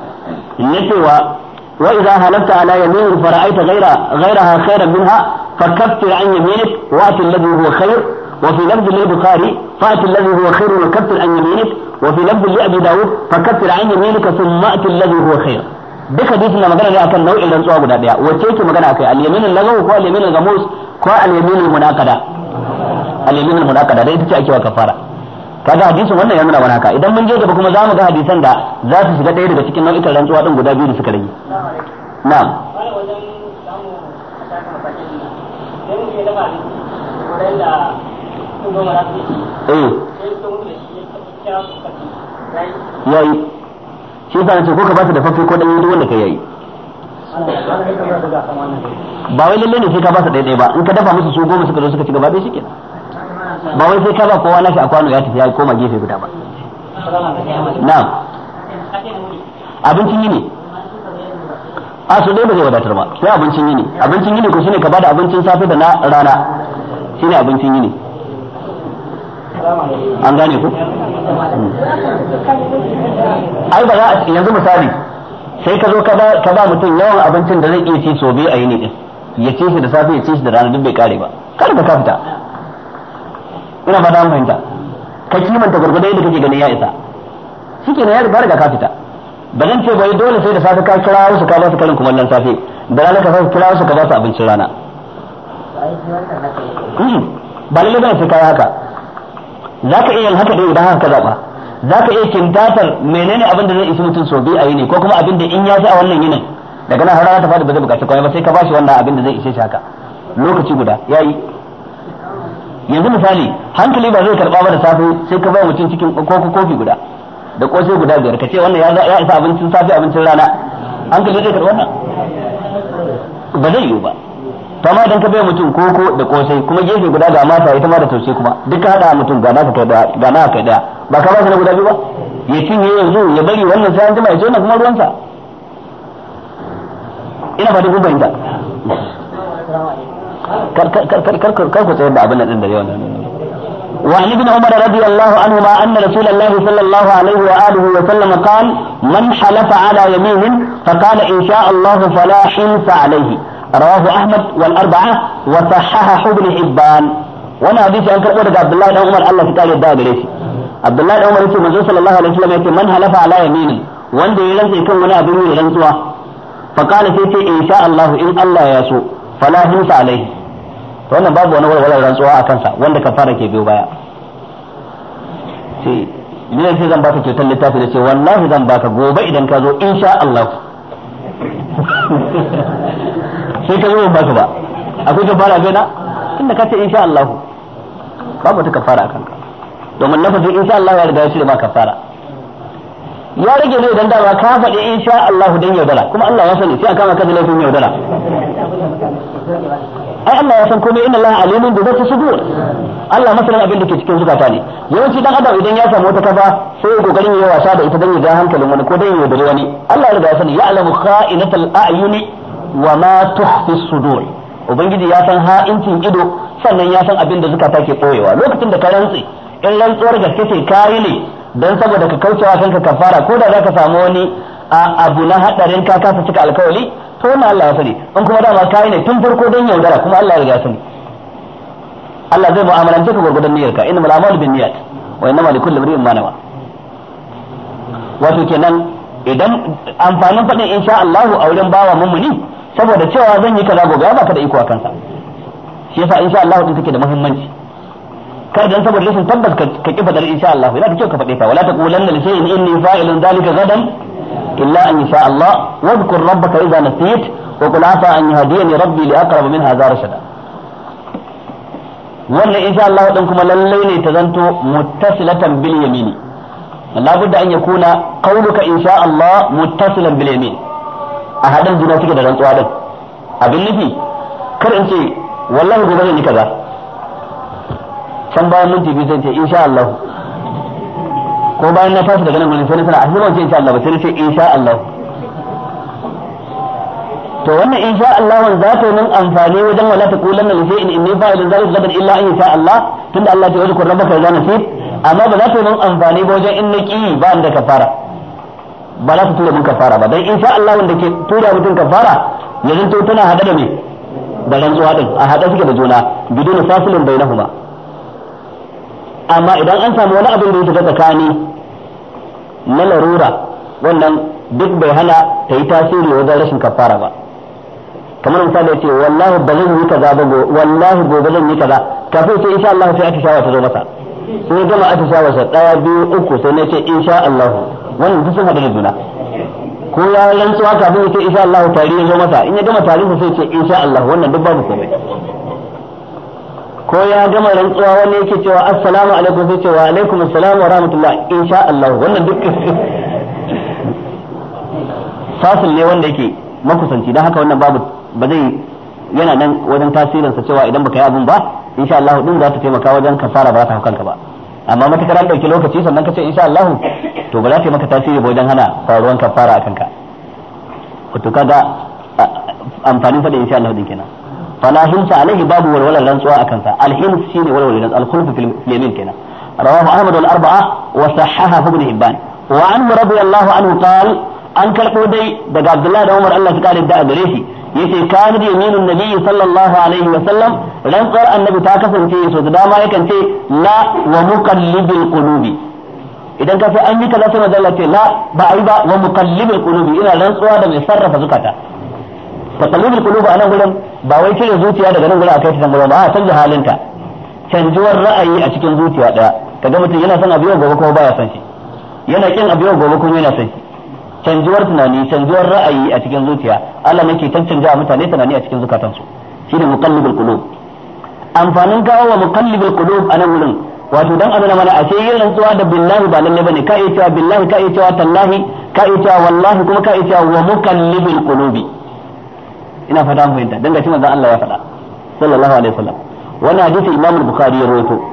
ne cewa wa idza halafta ala yamin fara'aita ghaira ghairaha khairan minha fakaffir an yaminik wa atil ladhi huwa khair وفي لفظ للبخاري فأت الذي هو خير وكفر عن يمينك وفي لفظ لأبي داود فكفر an yaminika thumma atil ladhi huwa خير duka hadisin na magana ne akan nau'in rantsuwa guda daya wacce yake magana akai al-yaminul lagaw ko al-yaminul gamus ko al-yaminul munakada al-yaminul munakada da ita ce ake wa kafara kaga hadisin wannan ya nuna mana haka idan mun je gaba kuma za mu ga hadisan da za su shiga daya daga cikin nau'in rantsuwa din guda biyu da suka rage na'am eh. yayi shi yasa nace ko ka ba su da fafi ko dan duk wanda kai yayi ba wai lalle ne sai ka ba su daidai ba in ka dafa musu su goma suka zo suka ci gaba dai shike ba wai sai ka ba kowa nashi a kwano ya tafi ya koma gefe guda ba na'am abincin yini a su dai ba zai wadatar ba sai abincin yini abincin yini ko shine ka bada abincin safe da na rana shine abincin yini an gane ku hmm. ai ba za a yanzu misali sai ka zo ka ba mutum yawan abincin da zai iya ci so biyu a ne din ya ci shi da safe ya ci shi da rana duk bai kare ba kar ka kafita. ina ba fata mun fahimta ka kimanta gurgurda yadda kake ganin ya isa shike ne ya riga ka fita ba zan ce bai dole sai da safe ka kira su ka ba su karin kumallon safe da rana ka kira su ka ba su abincin rana hmm. ba lalle ba sai yi haka za ka iya haka dai idan haka zaba za ka iya kintatar menene abin da zai isi mutum so biyu a yi ne ko kuma abin da in ya fi a wannan yinin daga nan har ta faɗi ba zai bukaci komai ba sai ka bashi wannan abin da zai ishe shi haka lokaci guda ya yi yanzu misali hankali ba zai karɓa ba da safe sai ka bai mutum cikin kofi guda da kosai guda biyar ka ce wannan ya isa abincin safe abincin rana hankali zai karba wannan ba zai yiwu ba to amma idan ka bai mutum koko da kosai kuma gefe guda ga masa ita ma da tausai kuma duka hada mutum ga naka kai daya ga naka kai daya ba ka ba shi na guda biyu ba ya cinye yanzu ya bari wannan sai an jima ya ce wannan kuma ruwansa ina fata kun fahimta kar ku tsayar da abin nan da yawan وعن ابن عمر رضي الله عنهما أن رسول الله صلى الله عليه وآله وسلم قال من حلف على يمين فقال إن شاء الله فلا حلف عليه rawahu ahmad wal arba'a wa sahahahu ibn hibban wannan hadisi an karbo daga abdullahi dan umar Allah ya kare da gare shi abdullahi dan umar yace manzo sallallahu alaihi wasallam yace man halafa ala yamini wanda ya rantsa kan wani abin ne rantsuwa fa kana sai ce insha Allah in Allah ya so fala hinsa alaihi to wannan babu wani walwalar rantsuwa a kansa wanda ke baya ce zan baka kyautar littafi da ce wallahi zan baka gobe idan ka zo insha Allah <laughs> sai ka zo ban baka ba akwai kafara a kaina inda ka ce insha Allah babu ta kafara kanka domin lafazin insha Allah ya riga ya shirya ma kafara ya rage ne idan dama ka faɗi insha Allah dan yaudara kuma Allah ya sani sai a kama ka da laifin yaudara ai Allah ya san komai inna Allah alimun bi dhati sudur Allah masalan abin da ke cikin zukata ne yawanci dan adam idan ya samu wata kafa sai ya kokarin ya wasa da ita dan ya ga hankalin wani ko dan ya yaudare wani Allah ya riga ya sani ya'lamu kha'inatal a'yuni wa ma tuhfi sudur ubangiji ya san ha'incin ido sannan ya san abin da zukata ke koyewa lokacin da ka rantsi in rantsuwar ga ce kayi ne dan saboda ka kaucewa kanka kafara ko da zaka samu wani abu na hadarin ka kasa cika alkawali to wannan Allah ya sani in kuma dama kayi ne tun farko don yaudara kuma Allah ya riga sani Allah zai mu'amalance ka gurgudan niyyarka innamal a'malu Niyyat. wa innamal likulli imrin ma nawa wato kenan idan amfanin fadin insha Allah a wurin bawa mummuni saboda cewa zan yi kaza gobe ba ka da iko a kansa shi yasa insha Allah din take da muhimmanci kar dan saboda rashin tabbas ka kifa da insha Allah ina da kyau ka fade ka wala taqulanna li shay'in inni fa'ilun dhalika gadan illa an yasha Allah wa dhkur rabbaka idha nasit wa qul afa an yahdini rabbi li aqrab min hadha rashada wannan insha Allah din kuma lallai ne ta zanto muttasilatan bil yamini budda an yakuna qawluka insha Allah muttasilan bil yamini a haɗin juna suke da rantsuwa din abin nufi kar in ce wallahi gobe zan yi kaza can bayan minti biyu zan ce insha Allah ko bayan na tashi daga nan wani sai na sana a zuwa ce insha Allah ba sai na ce insha Allah to wannan insha Allah za ta yi amfani wajen wala ta kulan na sai in inni fa'ilun zalika gadan illa in sha Allah tunda Allah ya ce wajen kun rabbaka ya zana fi amma ba zato ta yi amfani ba wajen in naki ba inda ka fara ba za su tura mun kafara ba dan insha Allah wanda ke tura mutum kafara ya zanto tana hada da me da rantsuwa din a hada suke da juna bidun fasilin bainahuma amma idan an samu wani abin da yake shiga tsakani na larura wannan duk bai hana ta yi tasiri wajen rashin kafara ba kamar misali ya ce wallahi ba zan yi kaza ba wallahi gobe zan yi kaza kafin sai insha Allah sai atishawa ta zo masa sai gama atishawa sa daya biyu uku sai na ce insha Allah wannan duk sun haɗu da juna ko ya rantsuwa kafin ya ce insha Allah tari ya zo masa in ya gama tari sai ce insha Allah wannan duk babu komai ko ya gama rantsuwa wani yake cewa assalamu alaikum sai ce wa alaikum assalam wa rahmatullah insha Allah wannan duk fasil <laughs> ne wanda yake makusanci don haka wannan babu ba zai yana nan wajen tasirinsa cewa idan baka yi abin ba insha Allah din za ta taimaka wajen kasara ba za ta hau kanka ba amma matakar an ɗauki lokaci sannan ka ce insha Allah to ba za ta yi maka tasiri wajen hana faruwan kafara a kanka wato kaga amfanin faɗin insha Allah din kenan fala hinsa alaihi babu walwalar rantsuwa akan sa alhins shine walwalar rantsuwa alkhulfu fil yamin kenan rawahu ahmad wal arba'a wa sahahahu ibn hibban wa an radiyallahu anhu qala an karbo dai daga abdullahi da umar Allah ta kare da gare shi yace kana da yaminun nabiyyi sallallahu alaihi wa sallam rantsar annabi ta kasance so da dama yakan ce la wa muqallibil qulubi idan ka sai an yi kaza sai manzo ce la ba ai ba wa muqallibil qulubi ina rantsuwa da mai sarrafa zukata taqallibul qulubi anan gurin ba wai cire zuciya daga nan gurin akai ta gurin ba a canza halinta canjuwar ra'ayi a cikin zuciya daya kaga mutum yana son abu yau gobe kuma baya son shi yana kin abu gobe kuma yana son shi canjuwar tunani canjuwar ra'ayi a cikin zuciya Allah ne ke cancanja mutane tunani a cikin zukatansu shine muqallibul qulub amfanin kawo wa muqallibul qulub a nan wurin wato dan azana mana a ashe yin rantsuwa da billahi ba lalle bane ka iya cewa billahi ka iya cewa tallahi ka iya cewa wallahi kuma ka iya cewa wa muqallibul qulubi ina fata mun fahimta dan gashi manzon Allah ya faɗa sallallahu alaihi wasallam wannan hadisi Imam Bukhari ya rawaito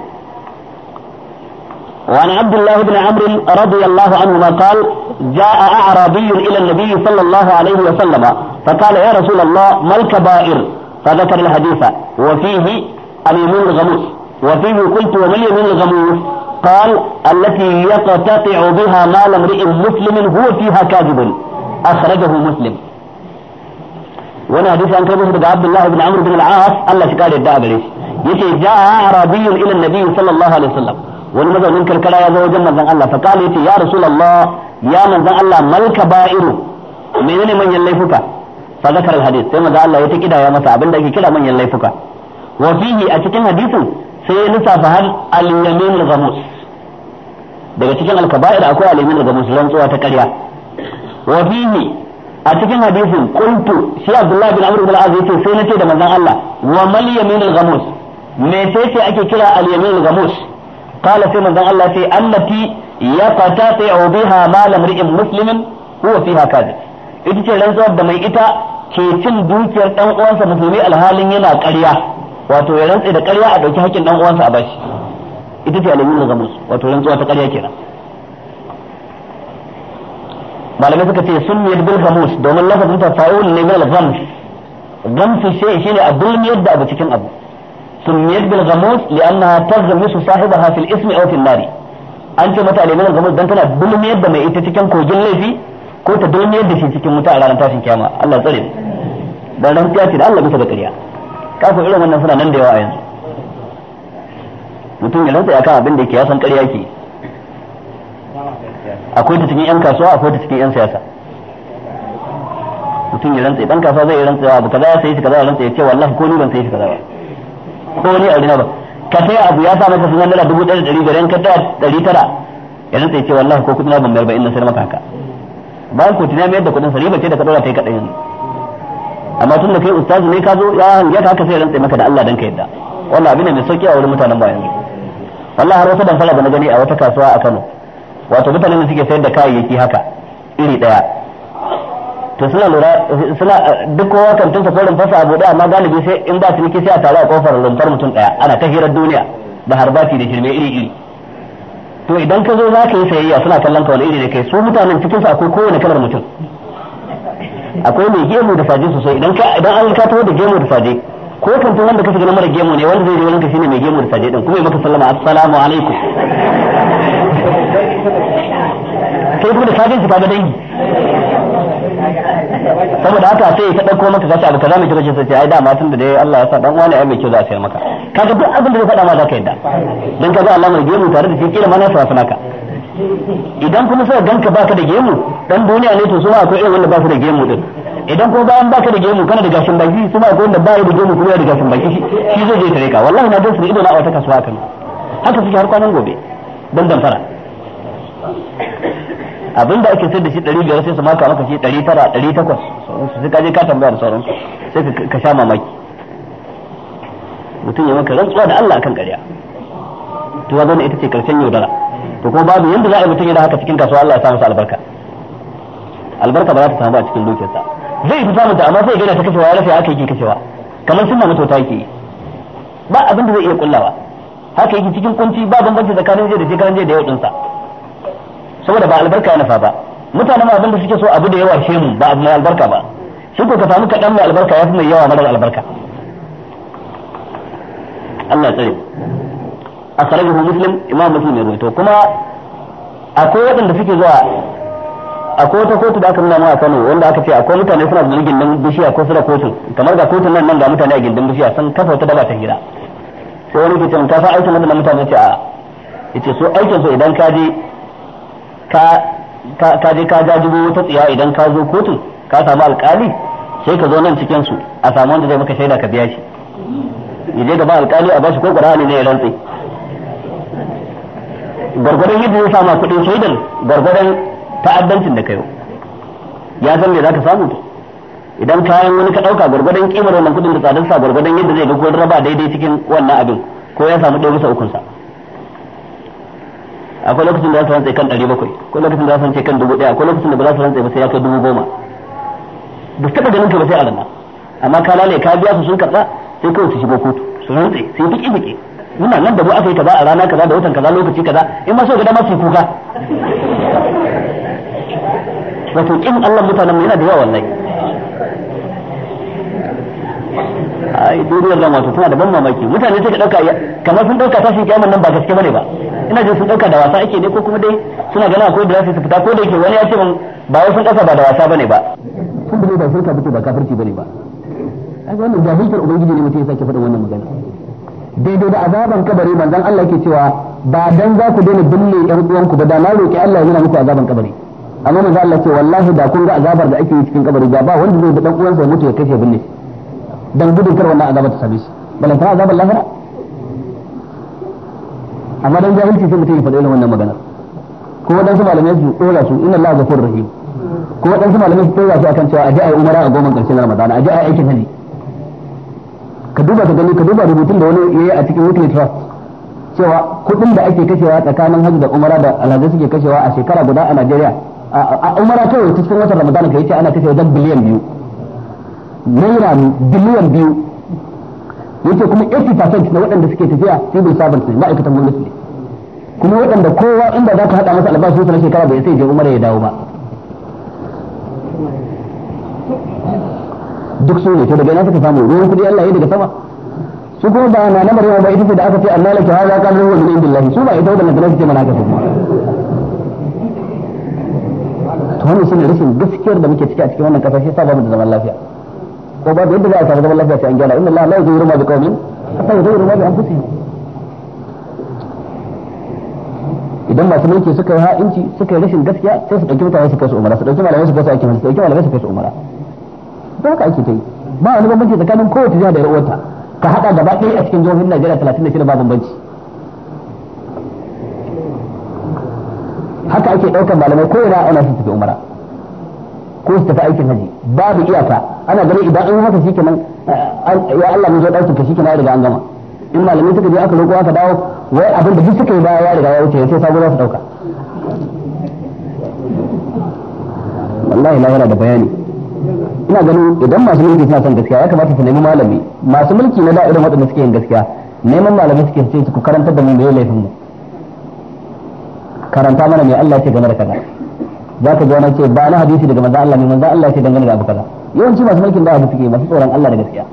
وعن عبد الله بن عمرو رضي الله عنهما قال جاء أعرابي إلى النبي صلى الله عليه وسلم فقال يا رسول الله ما الكبائر فذكر الحديث وفيه اليمين الغموس وفيه قلت وما اليمين الغموس قال التي يقتطع بها مال امرئ مسلم هو فيها كاذب أخرجه مسلم وانا حديث عن كلمة عبد الله بن عمرو بن العاص الله شكال الدابري يتي جاء أعرابي إلى النبي صلى الله عليه وسلم wani mazaunin karkara ya zo wajen manzon Allah fa kale yace ya rasulullah ya manzon Allah Malka Ba'iru menene manyan laifuka fa zakar al hadith sai manzon Allah ya ta kidaya masa abinda ake kira manyan laifuka wa fihi a cikin hadisin sai ya lissafa har al yamin al ghamus daga cikin al kaba'ir akwai al yamin al ghamus rantsuwa ta ƙarya wa fihi a cikin hadisin qultu shi Abdullahi bin Amr bin al-Az sai nace da manzon Allah wa mal yamin al ghamus me sai ake kira al yamin al ghamus قال سيما ذا الله في التي يقتطع بها مال امرئ مسلم هو فيها كاذب ita ce rantsuwar da mai ita ke cin dukiyar dan uwansa musulmi alhalin yana ƙarya wato ya rantsa da ƙarya a ɗauki hakkin dan uwansa a bashi ita ce alamin gamus wato rantsuwa ta ƙarya kenan malamai suka ce sun yi bil gamus domin lafazin ta fa'ul ne bil gams gamsu shi ne a dulmiyar da abu cikin abu سميت بالغموس لأنها تغمس صاحبها في الاسم أو في النار an ce mata alimin gamus dan tana dulmiyar da mai ita cikin kogin laifi ko ta dulmiyar da shi cikin wuta a ranar tashin kiyama Allah tsare dan rantsuwa ce da Allah bisa da ƙarya kafin suna nan da yawa a yanzu mutum ya rantsa abin da yake ya san ƙarya ke akwai ta cikin yan kasuwa akwai ta cikin yan siyasa mutum ya rantsa dan kasuwa zai rantsa abu kaza ya sayi shi kaza ya rantsa ya ce wallahi ko ni ban sayi shi kaza ba ko wani aure ba ka sai abu ya sa maka sunan dala dubu ɗari ɗari biyar ka taya ɗari tara yanzu sai ce wallahi ko kuɗi na ban bayar ba illa sai maka haka bayan ko tuna mayar da kuɗin sa riba ce da ka ɗora ta yi kaɗan yanzu amma tun da kai ustazu ne ka zo ya hangiya ka haka sai rantsa maka da Allah dan ka yadda wannan abin ne mai sauki a wurin mutanen ba yanzu wallahi har wata dan fara da na gani a wata kasuwa a Kano wato mutanen da suke sayar da kayayyaki haka iri daya to suna lura suna duk kowa kan tunsa ko fasa sa abu amma galibi sai in ba ciniki sai a taru a kofar rumfar mutum daya ana ta hirar duniya da harbaki da shirme iri iri to idan ka zo za ka yi sayayya suna kallon ka wani iri da kai su mutanen cikin sa akwai kowane kalar mutum akwai mai gemu da saje sosai idan ka idan an ka taho da gemu da saje ko kan tun wanda kace ganin mara gemu ne wanda zai je wurin shine mai gemu da saje din kuma ya maka sallama assalamu alaikum kai kuma da saje su ka ga dangi saboda haka sai ta dauko maka kace abu kaza mai kace sai ai dama tun da dai Allah ya sa dan wani ai mai kyau za a sayar maka kaga duk abin da zai faɗa ma za ka yadda dan kaga Allah mai gemu tare da shi kila mana sa sunaka idan kuma sai ganka baka da gemu dan duniya ne to su ma akwai irin wanda ba su da gemu din idan kuma bayan baka da gemu kana da gashin baki su ma akwai wanda ba da gemu kuma ya da gashin baki shi zai je tare ka wallahi na dinsu ido na a wata kasuwa kan haka suke har kwanan gobe dan damfara Abin da ake sayar da shi biyar sai su maka maka shi 900 800 sai ka je ka tambaya da sauransu sai ka sha mamaki mutum ya maka rantsuwa da Allah akan ƙarya to wannan ita ce karshen yaudara to kuma babu yanda za a yi mutum yana haka cikin kasuwa Allah ya sa albarka albarka ba za ta samu ba cikin dukiyarsa zai fi samunta amma sai gina ta kashewa ya rafe aka yake kashewa kamar sun mamato ta yake ba abin da zai iya kullawa haka yake cikin kunci ba bambanci tsakanin jiya da shekaran jiya da yau dinsa saboda ba albarka ya nafa ba mutanen abin da suke so abu da yawa shi mu ba abu mai albarka ba shi ko ka samu kaɗan mai albarka ya fi mai yawa mara albarka Allah tsare akhrajahu muslim imam muslim ya rawaito kuma akwai waɗanda suke zuwa akwai wata kotu da aka nuna a Kano wanda aka ce akwai mutane suna da gindin bishiya ko suna kotu kamar ga kotun nan nan ga mutane a gindin bishiya sun kafa wata daba ta hira sai wani ke ce ka fa aikin wannan mutane ce a yace so aikin so idan ka je ka je ka jajibo wata tsiya idan ka zo kotu ka samu alkali sai ka zo nan cikin su a samu wanda zai maka shaida ka biya shi ya je gaba alkali a bashi ko qur'ani ne ya rantsi gargwadon yadda ya samu kuɗin shaidar gargwadon ta'addancin da kayo ya san me za ka samu idan kayan wani ka ɗauka gwargwadon kimar wannan kuɗin da tsadarsa gwargwadon yadda zai ga ko raba daidai cikin wannan abin ko ya samu ɗaya bisa ukunsa akwai lokacin da za su rantsa kan ɗari bakwai akwai lokacin da za su rantsa kan dubu ɗaya akwai lokacin da ba za su rantsa ba sai ya kai dubu goma ba taɓa ganin ka ba sai a rana amma ka lalai ka biya su sun karɓa sai kawai su shigo kotu su rantsa sai fiƙe fiƙe muna nan da mu aka yi kaza a rana kaza da watan kaza lokaci kaza in ma so gada ma su kuka wato kin Allah mutanen mu yana da yawa wallahi ai duniyar nan wato tana da ban mamaki mutane suka dauka kamar sun dauka tashin kiyaman nan ba gaske bane ba ina jin sun dauka da wasa ake ne ko kuma dai suna ganin akwai da su fita ko da yake wani ya ce min ba wai sun dauka ba da wasa bane ba sun bane ba sun ka bude ba kafirci bane ba kaga wannan jahilkar ubangiji ne mutum ya sake faɗin wannan magana daidai da azaban kabari manzon Allah yake cewa ba dan za ku daina binne yan uwanku ba da na roki Allah ya nuna muku azaban kabari amma manzon Allah ce wallahi da kun ga azabar da ake yi cikin kabari ba wanda zai bi dan uwansa ya mutu ya kashe binne dan gudun kar wannan azabar ta same shi balantana azabar lahira amma dan jahilci sai mutum ya faɗa irin wannan magana ko waɗansu malamai su tsora su inna Allah ghafurur rahim ko waɗansu malamai su tsora su akan cewa aje ayi umara a goma ƙarshen Ramadan aje ayi aikin haji ka duba ka gani ka duba rubutun da wani yayi a cikin weekly trust cewa kuɗin da ake kashewa tsakanin hajji da umara da alhaji suke kashewa a shekara guda a Najeriya a umara kawai cikin watan Ramadan ka yace ana kashewa dan biliyan biyu naira biliyan biyu yace kuma 80% na waɗanda suke tafiya civil servants ne ma'aikatan gwamnati ne kuma waɗanda kowa inda za ka haɗa masa albashin sa na shekara bai sai je umar ya dawo ba duk su ne to daga ina suka samu ruwan kuɗi Allah ya daga sama su kuma ba na namar yawa ba ita ce da aka ce Allah laki hada kan ruwa min indillahi su ba ita wannan da ce mana haka kuma to wannan shine rashin gaskiyar da muke ciki a cikin wannan kasashe sa mu da zaman lafiya ko ba yadda za a samu zaman lafiya sai an inna Allah la yughayyiru ma biqawmin hatta yughayyiru ma bi anfusihim idan masu mulki suka yi ha'inci suka yi rashin gaskiya sai su dauki mutane su kai su umara su dauki malamai su kai su aiki su dauki malamai su kai su umara ba haka ake ta ba wani bambanci tsakanin kowace jiha da yarwarta ka hada gaba ɗaya a cikin jihohin Najeriya 36 ba bambanci haka ake daukar malamai ko ina ana su tafi umara ko su tafi aikin haji babu iyaka ana ganin idan an yi haka kenan eh, ya Allah mun zo ɗauki ka kenan ya riga an gama in malamai suka je aka roƙo aka dawo wai abin da duk suka yi baya ya riga ya wuce sai sabo za su ɗauka wallahi lahira da bayani ina ganin idan masu mulki suna son gaskiya ya kamata su nemi malami masu mulki na da irin waɗanda suke yin gaskiya neman malami suke ce ku karantar da mu me laifin mu karanta mana me Allah ya ce game da kaza za ka ga ce ba na hadisi daga maza Allah ne maza Allah ce dangane da abu kaza yawanci masu mulkin da abu suke masu tsoron Allah da gaskiya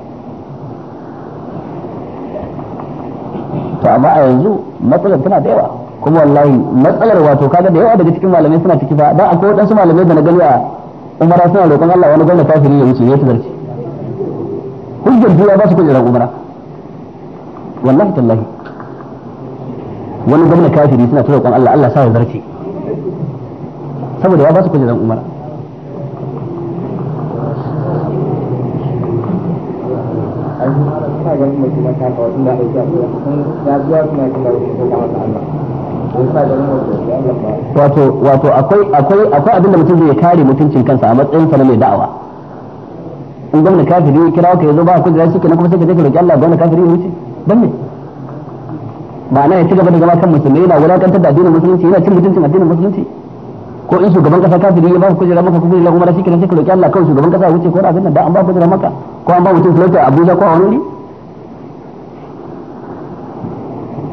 to amma a yanzu matsalar tana da yawa kuma wallahi matsalar wato kaga da yawa daga cikin malamai suna ciki ba dan akwai wadansu malamai da na gani a umara suna roƙon Allah wani gwamnati kafiri ya wuce ya ci zarci hujjar duniya ba su kujerar umara wallahi tallahi wani gwamnati kafiri suna roƙon Allah Allah sa ya zarce saboda ya ba su kujeran umara wato wato akwai akwai akwai abin da mutum zai kare mutuncin kansa a matsayin sa na mai da'awa in gwamna kafiri ya kira ka yazo ba ku da shi kenan kuma sai ka je ka roki Allah gwamna kafiri ya wuce dan me ma'ana ya ci gaba da zama kan musulmi yana wulakantar da addinin musulunci yana cin mutuncin addinin musulunci ko in shugaban kasa kafiri ya ba ku kujera maka kujera da shi kenan sai ka roki Allah kawai shugaban kasa ya wuce ko abin nan da an ba kujera maka ko an ba mutum sarauta a Abuja ko a wani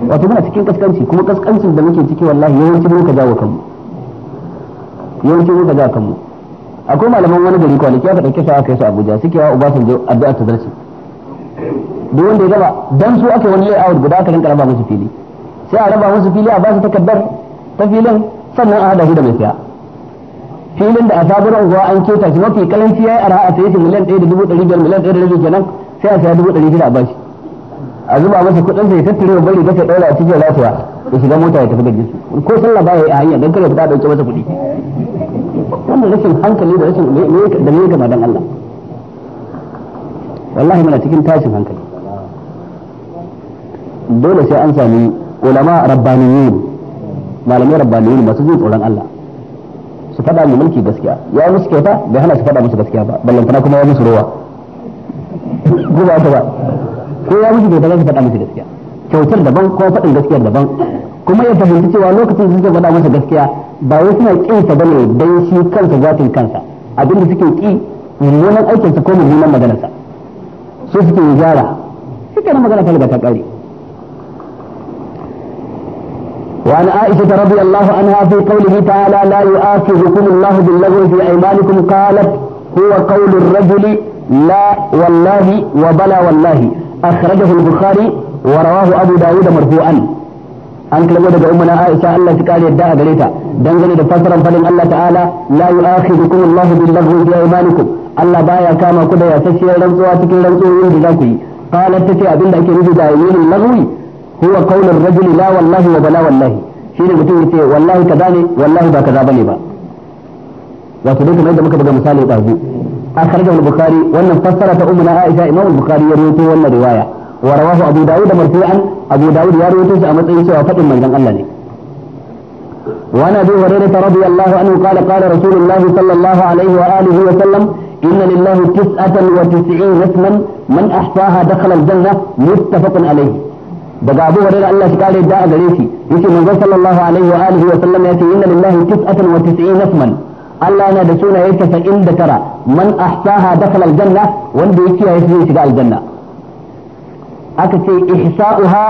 wato muna cikin kaskanci kuma kaskancin da muke ciki wallahi yawanci mun ka jawo kanmu yawanci mun ka jawo kanmu akwai malaman wani gari kwanaki aka dauke su aka kai su Abuja suke wa Obasanjo addu'a ta zarci duk wanda ya gaba dan su aka wani layout guda aka rinka raba musu fili sai a raba musu fili a ba su takardar ta filin sannan a hada shi da mai siya filin da a sabon unguwa an keta shi mafi karanci ya arha a saye shi miliyan ɗaya da dubu ɗari biyar miliyan ɗaya da rabi kenan sai a saya dubu ɗari biyar a bashi a zuba masa kuɗin sai ta wa bari sai ɗaura a cikin lafiya ya shiga mota ya tafi da su ko sallah ba ya yi a hanya dan kare fita ɗauke masa kuɗi wannan rashin hankali da rashin da ne gaba dan Allah wallahi muna cikin tashin hankali dole sai an sami ulama rabbaniyin malamai rabbaniyu ne masu jin tsoron Allah su fada mu mulki gaskiya ya musu kyauta bai hana su fada musu gaskiya ba ballantana kuma ya musu rowa ko ba ba ko ya musu kyauta za su musu gaskiya kyautar daban ko faɗin gaskiya daban kuma ya fahimci cewa lokacin da suke fada musu gaskiya ba wai suna ƙin sa bane dan shi kansa zatin kansa abinda suke ƙi mummunan aikinsa ko mummunan maganarsa su suke gyara suke na magana ta daga ta ƙari. وعن عائشة رضي الله عنها في قوله تعالى لا يؤاخذكم الله باللغو في أيمانكم قالت هو قول الرجل لا والله وبلا والله أخرجه البخاري ورواه أبو داود مرفوعا an kalmo daga ummuna Aisha Allah ta kare yadda a gare ta dangane da fassarar fadin Allah ta'ala la yu'akhidhukum Allah bil laghwi fi aymanikum Allah baya kama ku da yasasshiyar rantsuwa cikin rantsuwoyin da za ta ce abinda ake nufi da yaminul huwa qaulur rajuli la wallahi wa bala wallahi shine mutum yace wallahi kaza ne wallahi ba kaza bane ba wato dai kamar da muka buga misali dazu akhrajahu al-bukhari wannan fassara ta ummu aisha imam al ya rawaito wannan riwaya wa rawahu abu daud abu ya rawaito shi a matsayin cewa faɗin manzon Allah ne وعن ابي هريره رضي الله عنه قال قال رسول الله صلى الله عليه واله وسلم إن لله تسعة وتسعين اسما من أحصاها دخل الجنة متفق عليه daga Abu Hurairah Allah shi kare da gare shi yace manzo sallallahu alaihi wa alihi wa sallam yace inna lillahi tis'atan wa Allah yana da sunaye 99 man ahsaha dakhala aljanna wanda ya kiyaye zai shiga aljanna aka ce ihsa'uha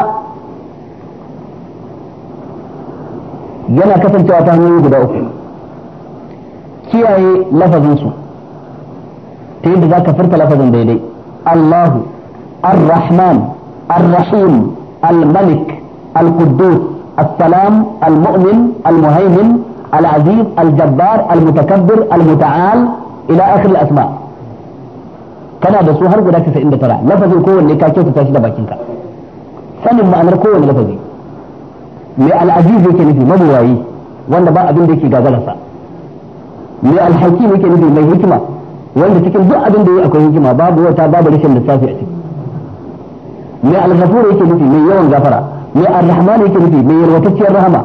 yana kasancewa ta hanyoyi guda uku kiyaye lafazinsu ta yadda za ka furta lafazin daidai Allahu ar-Rahman ar-Rahim الملك القدوس السلام المؤمن المهيمن العزيز الجبار المتكبر المتعال إلى آخر الأسماء kana da su har guda 99 lafazin kowanne ka kyautata shi da bakinka sanin ma'anar kowanne lafazi mai al'aziz yake nufi mabuwayi wanda ba abin da yake gagararsa mai alhakim yake nufi mai hikima wanda cikin duk abin da yi akwai hikima babu wata babu rashin lissafi a ciki mai al-ghafur yake nufi mai yawan gafara mai ar-rahman yake nufi mai yarwatacciyar rahama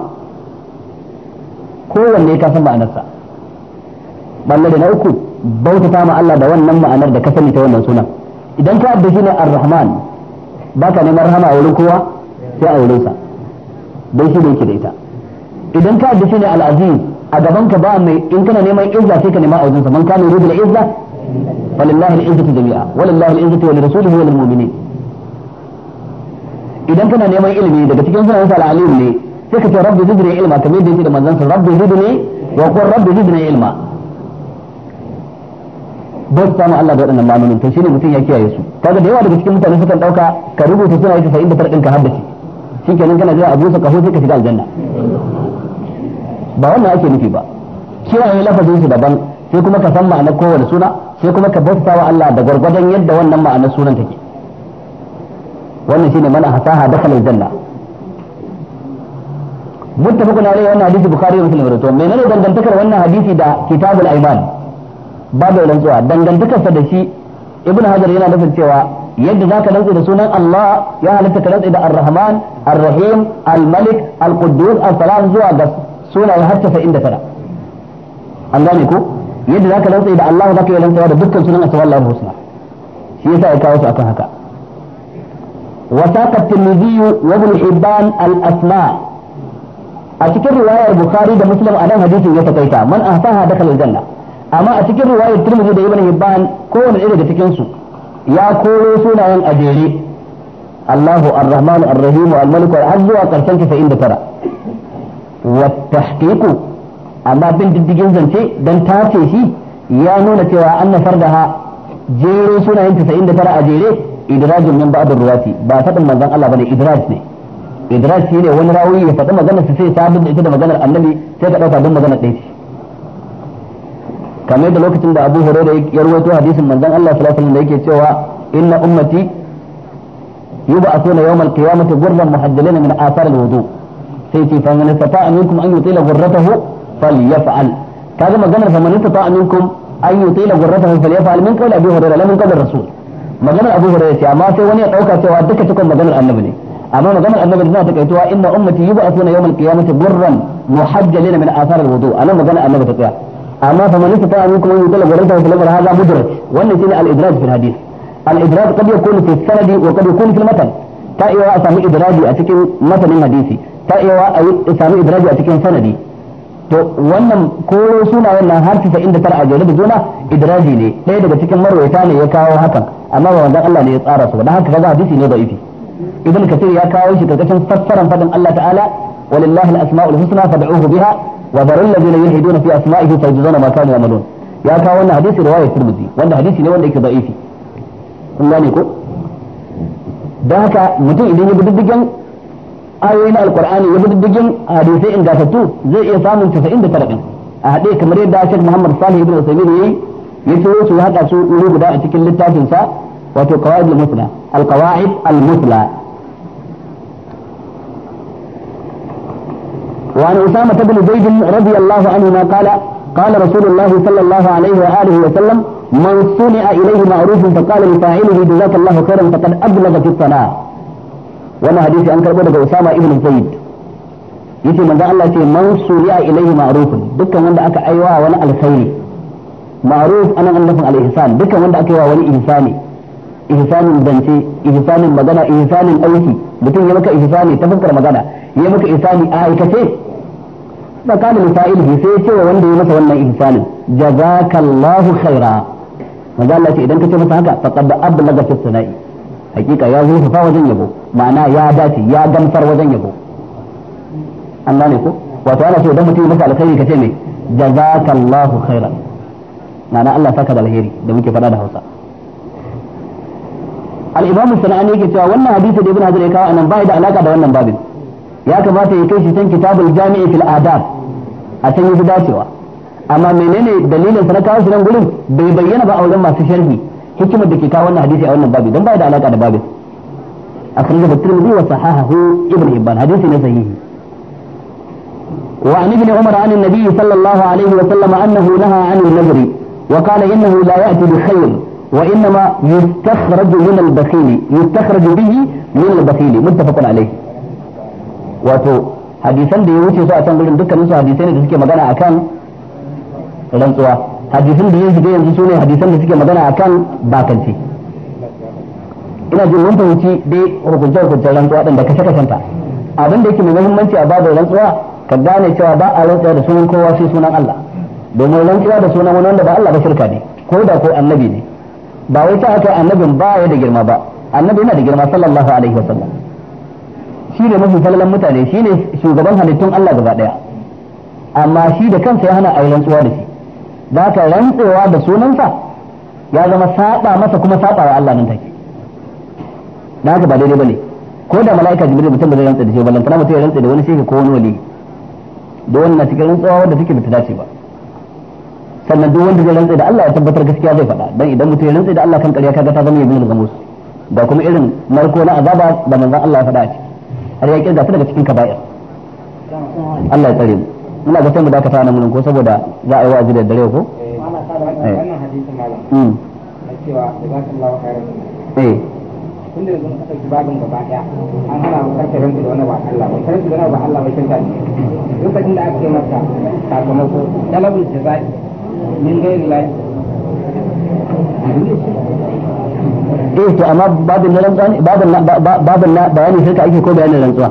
kowanne ka san ma'anarsa bangare na uku bautata ma Allah da wannan ma'anar da ka sani ta wannan sunan idan ka abda shine ar-rahman baka neman rahama a wurin kowa sai a wurinsa dai shi ne yake da ita idan ka abda shine al-aziz a gaban ka ba mai in kana neman izza sai ka nema a wajensa man kana yuridu al-izza falillahi al-izzatu jami'a walillahi al-izzatu wa lirasulihi wa lil mu'minin idan kana neman ilimi daga cikin sunan sa al-alim ne sai ka ce rabbi zidni ilma kamar da yake da manzon sa rabbi zidni wa qur rabbi zidni ilma ba samu Allah da waɗannan ma'anonin to shine mutum ya kiyaye su kaga da yawa daga cikin mutane sukan dauka ka rubuta suna yake sa'in da farkin ka haddace shikenan kana jira abu sa kaho sai ka shiga aljanna ba wannan ake nufi ba kiyaye lafazin su daban sai kuma ka san ma'anar kowane suna sai kuma ka bauta wa Allah da gwargwadon yadda wannan ma'anar sunan take wannan shine mana hasaha dakhala aljanna muttafaqun alayhi wannan hadisi bukhari da muslim rawaito menene dangantakar wannan hadisi da kitabul aiman babu rantsuwa dangantakar sa da shi ibn hajar yana nufin cewa yadda zaka rantsa da sunan Allah ya halitta ka rantsa da ar-rahman ar-rahim al-malik al-quddus as-salam zuwa ga sunaye har 99 an gane ko yadda zaka rantsa da Allah zaka yi rantsuwa da dukkan sunan Allah husna shi yasa ya kawo su akan haka وساق الترمذي وابن حبان الأسماء أتكر رواية البخاري ده مسلم أنا حديث يتكيتا من أهفاها دخل الجنة أما أتكر رواية الترمذي ده ابن حبان كون إلى تكنسو يا كولو سونا ين أجيري الله الرحمن الرحيم الملك العز وقرسنك فإن ترى والتحقيق أما بنت الدجين زنتي دان تاسي يا نونة وأن فردها جيرو سونا ين 99 أجيري idrajin min ba'd ruwati ba fadin manzon Allah bane idraj ne idraj shine wani rawi ya faɗi maganar sa sai sabon da ita da maganar annabi sai ka dauka don maganar ɗaya kamar da lokacin da Abu Hurairah ya rawaito hadisin manzon Allah sallallahu alaihi wasallam da yake cewa inna ummati يبعثون يوم القيامة غرا محجلين من آثار الوضوء سيتي فمن استطاع منكم أن يطيل غرته فليفعل كذا ما قلنا فمن استطاع منكم أن يطيل غرته فليفعل من قول أبي هريرة لا من قول الرسول maganar abu hurairah ce amma sai wani ya dauka cewa duka cikon maganar annabi ne amma maganar annabi tana takaitowa inna ummati yub'athuna yawmal qiyamati burran muhajjalin min athar alwudu anan maganar annabi ta tsaya amma fa man istata minkum an yudalla gurata fil amr hadha mudraj wannan shine al-idraj fil hadith al-idraj qad yakunu fi sanadi wa qad yakunu fil matan ta iya a sami idraji a cikin matanin hadisi ta iya a sami idraji a cikin sanadi to wannan koro sunayen nan har inda tara jere da juna idraji ne ɗaya daga cikin marwaita ne ya kawo hakan amma ba manzon Allah ne ya tsara su ba dan haka kaga hadisi ne da ifi idan kathir ya kawo shi karkashin fassaran fadin Allah ta'ala walillahi al-asma'ul husna fad'uhu biha wa dharul ladina yulhiduna fi asma'ihi sayajzuna ma kanu yamalun ya kawo wannan hadisi riwayat tirmidhi wanda hadisi ne wanda yake da'ifi kun gane ko dan haka mutum idan ya bi diddigen ayoyi na alkur'ani ya diddigin hadisai ingantattu zai iya samun 99 din a haɗe kamar yadda Sheikh Muhammad Salih ibn Uthaymeen yayi ya ciro su haɗa su wuri guda a cikin littafin sa wato qawaid al-musla al-qawaid al-musla وعن أسامة بن زيد رضي الله عنهما قال قال رسول الله صلى الله عليه وآله وسلم من صنع إليه معروف فقال لفاعله جزاك الله خيرا فقد أبلغ في الصلاة wannan hadisi an karbo daga Usama ibn Zaid yace manzo Allah ce man suriya ilaihi ma'rufun dukkan wanda aka aiwa wani alkhairi ma'ruf anan annabin al-ihsan dukkan wanda aka yi wa wani ihsani ihsanin zance ihsanin magana ihsanin aiki mutum ya maka ihsani ta fuskar magana ya maka ihsani a aikace da kana sai ya ce wa wanda ya masa wannan ihsanin jazakallahu khaira manzo Allah ce idan ka ce masa haka faqad ablaga fi sana'i hakika ya fa wajen yabo ma'ana ya dace ya gamsar wajen yabo an gane ko wato ana so idan mutum ya maka alkhairi ka ce me jazakallahu khairan ma'ana Allah saka da alheri da muke faɗa da Hausa al-Imam Sanani yake cewa wannan hadisi da Ibn Hajar ya kawo anan bai da alaka da wannan babin ya kamata ya kai shi can kitabul jami'i fil adab a can yafi dacewa amma menene dalilin sa na kawo shi nan gurin bai bayyana ba a wajen masu sharhi hikimar da ke kawo wannan hadisi a wannan babu dan ba da alaka da babu akhrajahu at-tirmidhi wa sahahahu ibn hibban hadisi ne sahihi وعن ابن عمر عن النبي صلى الله عليه وسلم أنه نهى عن النذر وقال إنه لا يأتي بخير وإنما يستخرج من البخيل يستخرج به من البخيل متفق عليه wato hadisan da ya wuce su a can gurin dukkanin su hadisai ne da suke magana akan rantsuwa hadisin da ya shiga yanzu sune hadisan da suke magana akan bakanci ina jin mun fahimci dai hukunce hukuncen rantsuwa din da saka santa abin da yake mai muhimmanci a babu rantsuwa ka gane cewa ba a rantsuwa da sunan kowa sai sunan Allah domin rantsuwa da sunan wani wanda ba Allah ba shirka ne ko da ko annabi ne ba wai ta aka annabin ba ya da girma ba annabi yana da girma sallallahu alaihi wasallam shi ne mafi falalan mutane shi ne shugaban halittun Allah gaba daya amma shi da kansa ya hana a yi rantsuwa da shi ba ka rantsewa da sunansa ya zama saba masa kuma saba wa Allah nan take da haka ba daidai bane ko da mala'ika jibril mutum ba zai rantsa da shi ba lantana mutum ya rantsa da wani shehu ko wani wali da wannan cikin rantsuwa wanda take bata dace ba sannan duk wanda zai rantsa da Allah ya tabbatar gaskiya zai faɗa dan idan mutum ya rantsa da Allah kan ƙarya kaga ta zama yabin da zamo da kuma irin narko na azaba da manzon Allah ya faɗa a ciki har ya kirga su daga cikin kaba'ir Allah ya tsare mu ina ga sai mu dakata nan mun ko saboda za a yi wa'azi da dare ko eh. wannan hadisin malam hmm. cewa eh tunda yanzu babin gaba an hana da ba Allah ba da wani ba Allah ba da aka sakamako talabul jazai min gairi eh to amma babin na rantsuwa ne babin na babin na bayanin shirka ake ko bayanin rantsuwa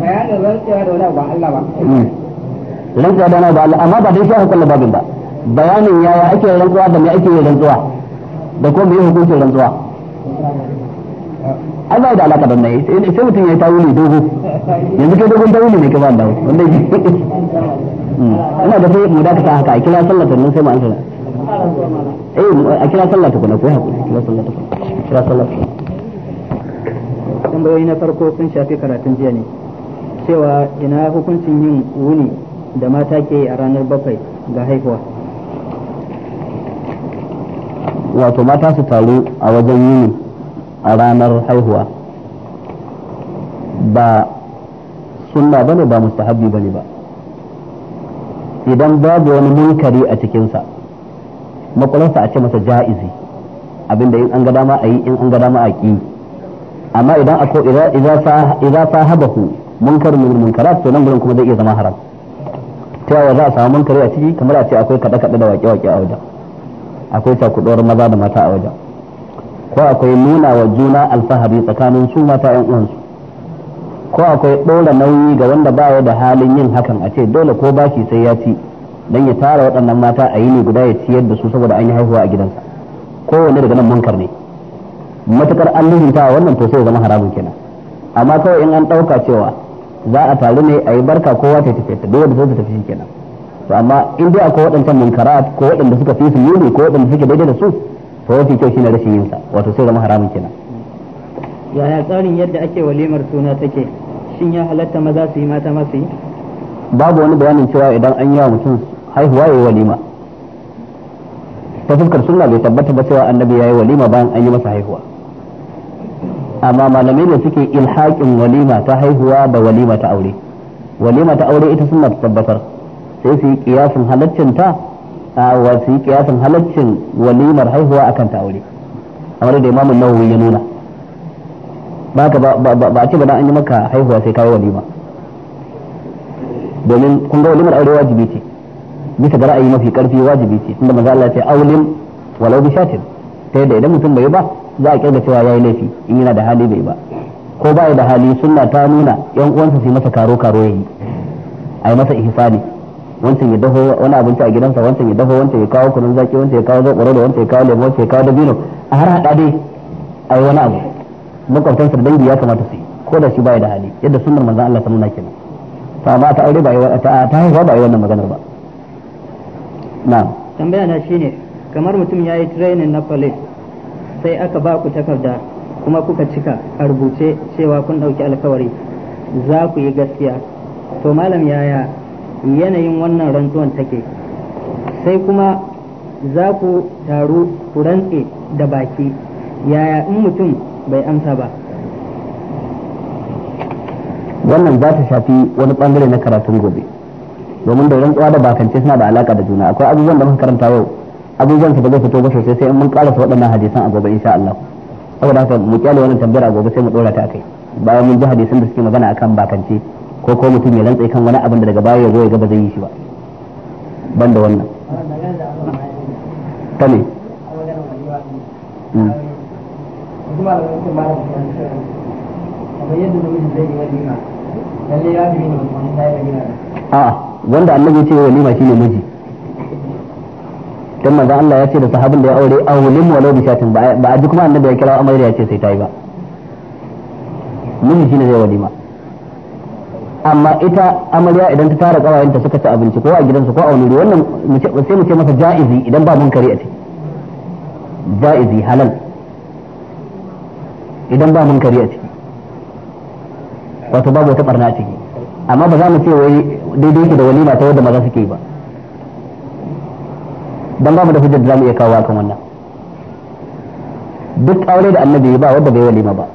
bayanin rantsuwa da wani ba Allah ba hmm. rantsuwa da ba amma ba dai sai hukunta babin ba bayanin yaya ake rantsuwa da me ake rantsuwa da ko me hukuncin rantsuwa ai ba da alaka da nayi sai mutum ya yi tawuli dogo yanzu kai dogon tawuli ne ka ba dawo wanda hmm. ina da sai mu dakata haka a kira sallata nan sai mu an sallar eh a kira sallata kuna ko hakuri kira sallar tukuna kira sallar tambayoyi na farko sun shafi karatun jiya ne cewa ina hukuncin yin wuni da mata ke a ranar bakwai ga haihuwa wato mata su taru a wajen yini a ranar haihuwa ba sunna bane ba mustahabbi bane ba idan babu wani munkari a cikinsa makwalarsa a ce masa ja'izi abinda in an ga dama a yi in an ga dama a ƙi amma idan ako idza sahabahu munkarun min munkarat to nan gudun kuma zai iya zama haram ta yawa za a samu munkari a ciki kamar a ce akwai kaɗe kaɗe da waƙe waƙe a wajen akwai cakuɗuwar maza da mata a wajen ko akwai nuna wa juna alfahari tsakanin su mata yan uwansu ko akwai ɗora nauyi ga wanda ba da halin yin hakan a ce dole ko bashi sai ya ci dan ya tara waɗannan mata a yi ne guda ya ciyar da su saboda an yi haihuwa a gidansa kowanne daga nan munkar ne matukar an nuhinta wannan to sai ya zama haramun kenan amma kawai in an ɗauka cewa za a taru ne a yi barka kowa ta tafi ta dole da ta tafi kenan to amma in dai akwai waɗancan munkara ko waɗanda suka fi su muni ko waɗanda suke daidai da su to wafi kyau shine rashin yin sa wato sai zama haramun kenan yaya tsarin yadda ake walimar suna take shin ya halatta maza su yi mata masu yi babu wani bayanin cewa idan an yi wa mutum haihuwa ya yi walima ta fuskar sunna bai tabbata ba cewa annabi ya yi walima bayan an yi masa haihuwa amma malamai da suke ilhaƙin walima ta haihuwa da walima ta aure walima ta aure ita suna tabbatar sai su yi kiyasin halaccin ta a su yi kiyasin halaccin walimar haihuwa akan ta aure kamar da imamun nawawi ya nuna ba ka ba ce ba an yi maka haihuwa sai kawo walima domin kun ga walimar aure wajibi ce bisa ga ra'ayi mafi karfi wajibi ce tunda maza Allah ya ce aulin walau bi shatin ta yadda idan mutum bai ba za a kirga cewa yayi laifi in yana da hali bai ba ko ba da hali sunna ta nuna yan uwansa su masa karo karo yayi ai masa ihsani wancan ya dafa wani abinci a gidansa wancan ya dafa wancan ya kawo kunun zaki wancan ya kawo zakwaro da wancan ya kawo lemo wancan ya kawo dabino a har hada dai ai wani abu makwabtansa dangi ya kamata su yi ko da shi ba da hali yadda sunnar manzon Allah ta nuna kenan to amma ta aure ba yi ta haifa ba yi wannan maganar ba na'am tambaya na shine kamar mutum ya yi training na police sai aka ba ku takarda kuma kuka cika a rubuce cewa kun ɗauki alkawari za ku yi gaskiya to malam yaya yanayin wannan rantsuwan take sai kuma za ku taru ku rantse da baki yaya in mutum bai amsa ba wannan za ta shafi wani bangare na karatun gobe domin da rantsuwa da bakance suna da alaka da juna akwai abubuwan da muka karanta yau abubuwan su ba zai fito ba sosai sai in mun karasa waɗannan hadisan a gobe insha Allah saboda haka mu kyale wannan tambayar a gobe sai mu dora ta kai bayan mun ji hadisan da suke magana akan bakance ko ko mutum ya rantsa kan wani abin da daga baya ya zo ya ga ba zai yi shi ba banda wannan ta ne hmm. a wanda annabi ce walima shine miji dan manzo Allah ya ce da sahabin da ya aure a awlim walau bi shatin ba a ji kuma annabi ya kira amarya ya ce sai yi ba miji shine zai walima amma ita amarya idan ta tara kawayenta suka ci abinci ko a gidansu ko a wani wuri wannan sai mu ce masa ja'izi idan ba kare a ciki ja'izi halal idan ba kare a ciki wato babu wata barna a ciki amma ba za mu ce wai daidai yake da walima ta wadda maza suke yi ba dan ba mu da hujjar da zamu iya kawo akan wannan duk aure da annabi ba wanda bai walima ba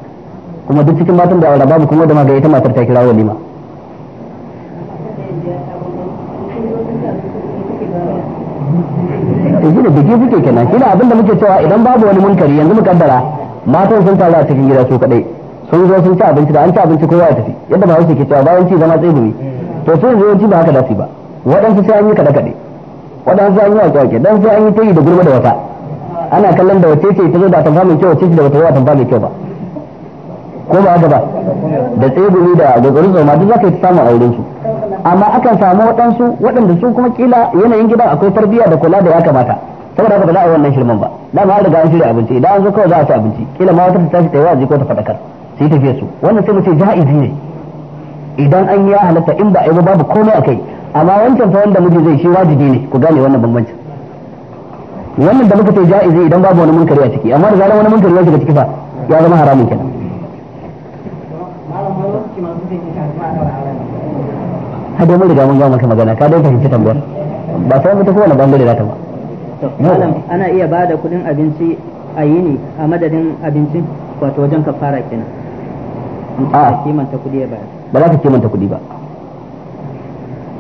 kuma duk cikin matan da aure babu kuma da magayi ta matar ta kira walima yanzu eh, da biki suke kenan shi abin da muke cewa idan babu wani munkari yanzu mu kaddara matan sun taru a cikin gida su kadai sun zo sun ci abinci da an ci abinci kowa ya tafi yadda ba wasu ke cewa bayan ci zama tsibiri to sun zo ci ba haka da ba waɗansu sai an yi kaɗe kaɗe waɗansu an yi wake wake dan sai an yi ta yi da gulma da wata ana kallon da wace ce ta zo da atamfa mai kyau wace ce da wata zo atamfa mai kyau ba ko ba haka ba da tsegumi da gagarin zoma duk za ka yi samun auren su amma akan samu waɗansu waɗanda su kuma kila yanayin gidan akwai tarbiyya da kula da ya kamata saboda haka ba za a yi wannan shirman ba da ma riga an shirya abinci idan an zo kawai za a ci abinci kila ma wata ta tashi ta yi wa'azi ko ta faɗakar sai tafiye su wannan sai mu ce ja'izi ne idan an yi halatta in ba a yi ba babu komai a kai amma wancan fa wanda miji zai shi wajibi ne ku gane wannan bambancin wannan da muka ce ja'izi idan babu wani munkari a ciki amma da zaran wani munkari ya shiga ciki fa ya zama haramun kenan ka dai mun riga mun ga maka magana ka dai fahimci tambayar ba sai mutu kowane bangare da ta ba malam ana iya ba da kudin abinci a yini a madadin abincin wato wajen kafara kenan a kimanta kudi ba ba za ka kimanta kudi ba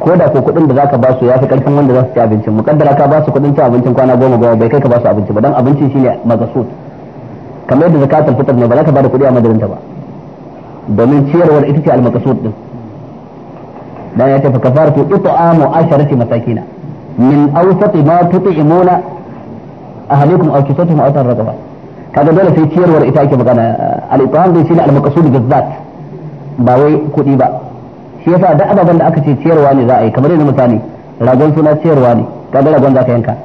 ko da ko kuɗin da zaka ba su ya fi karfin wanda za su ci abincin mukaddara ka ba su kuɗin ci abincin kwana goma goma bai kai ka ba su abinci ba dan abincin shine magasud kamar yadda zakatul fitr ne ba za ka ba da kuɗi a madarinta ba domin ciyarwar ita ce al-maqsud din dan ya ce fa kafaratu it'amu asharati masakina min awsat ma tut'imuna ahlikum aw kisatuhum aw tarqaba kaga dole sai ciyarwar ita ake magana al-it'am din shine al-maqsud bizzat ba wai kuɗi ba shi yasa duk ababen da aka ce ciyarwa ne za a yi kamar yadda misali ragon suna ciyarwa ne kaga ragon za ka yanka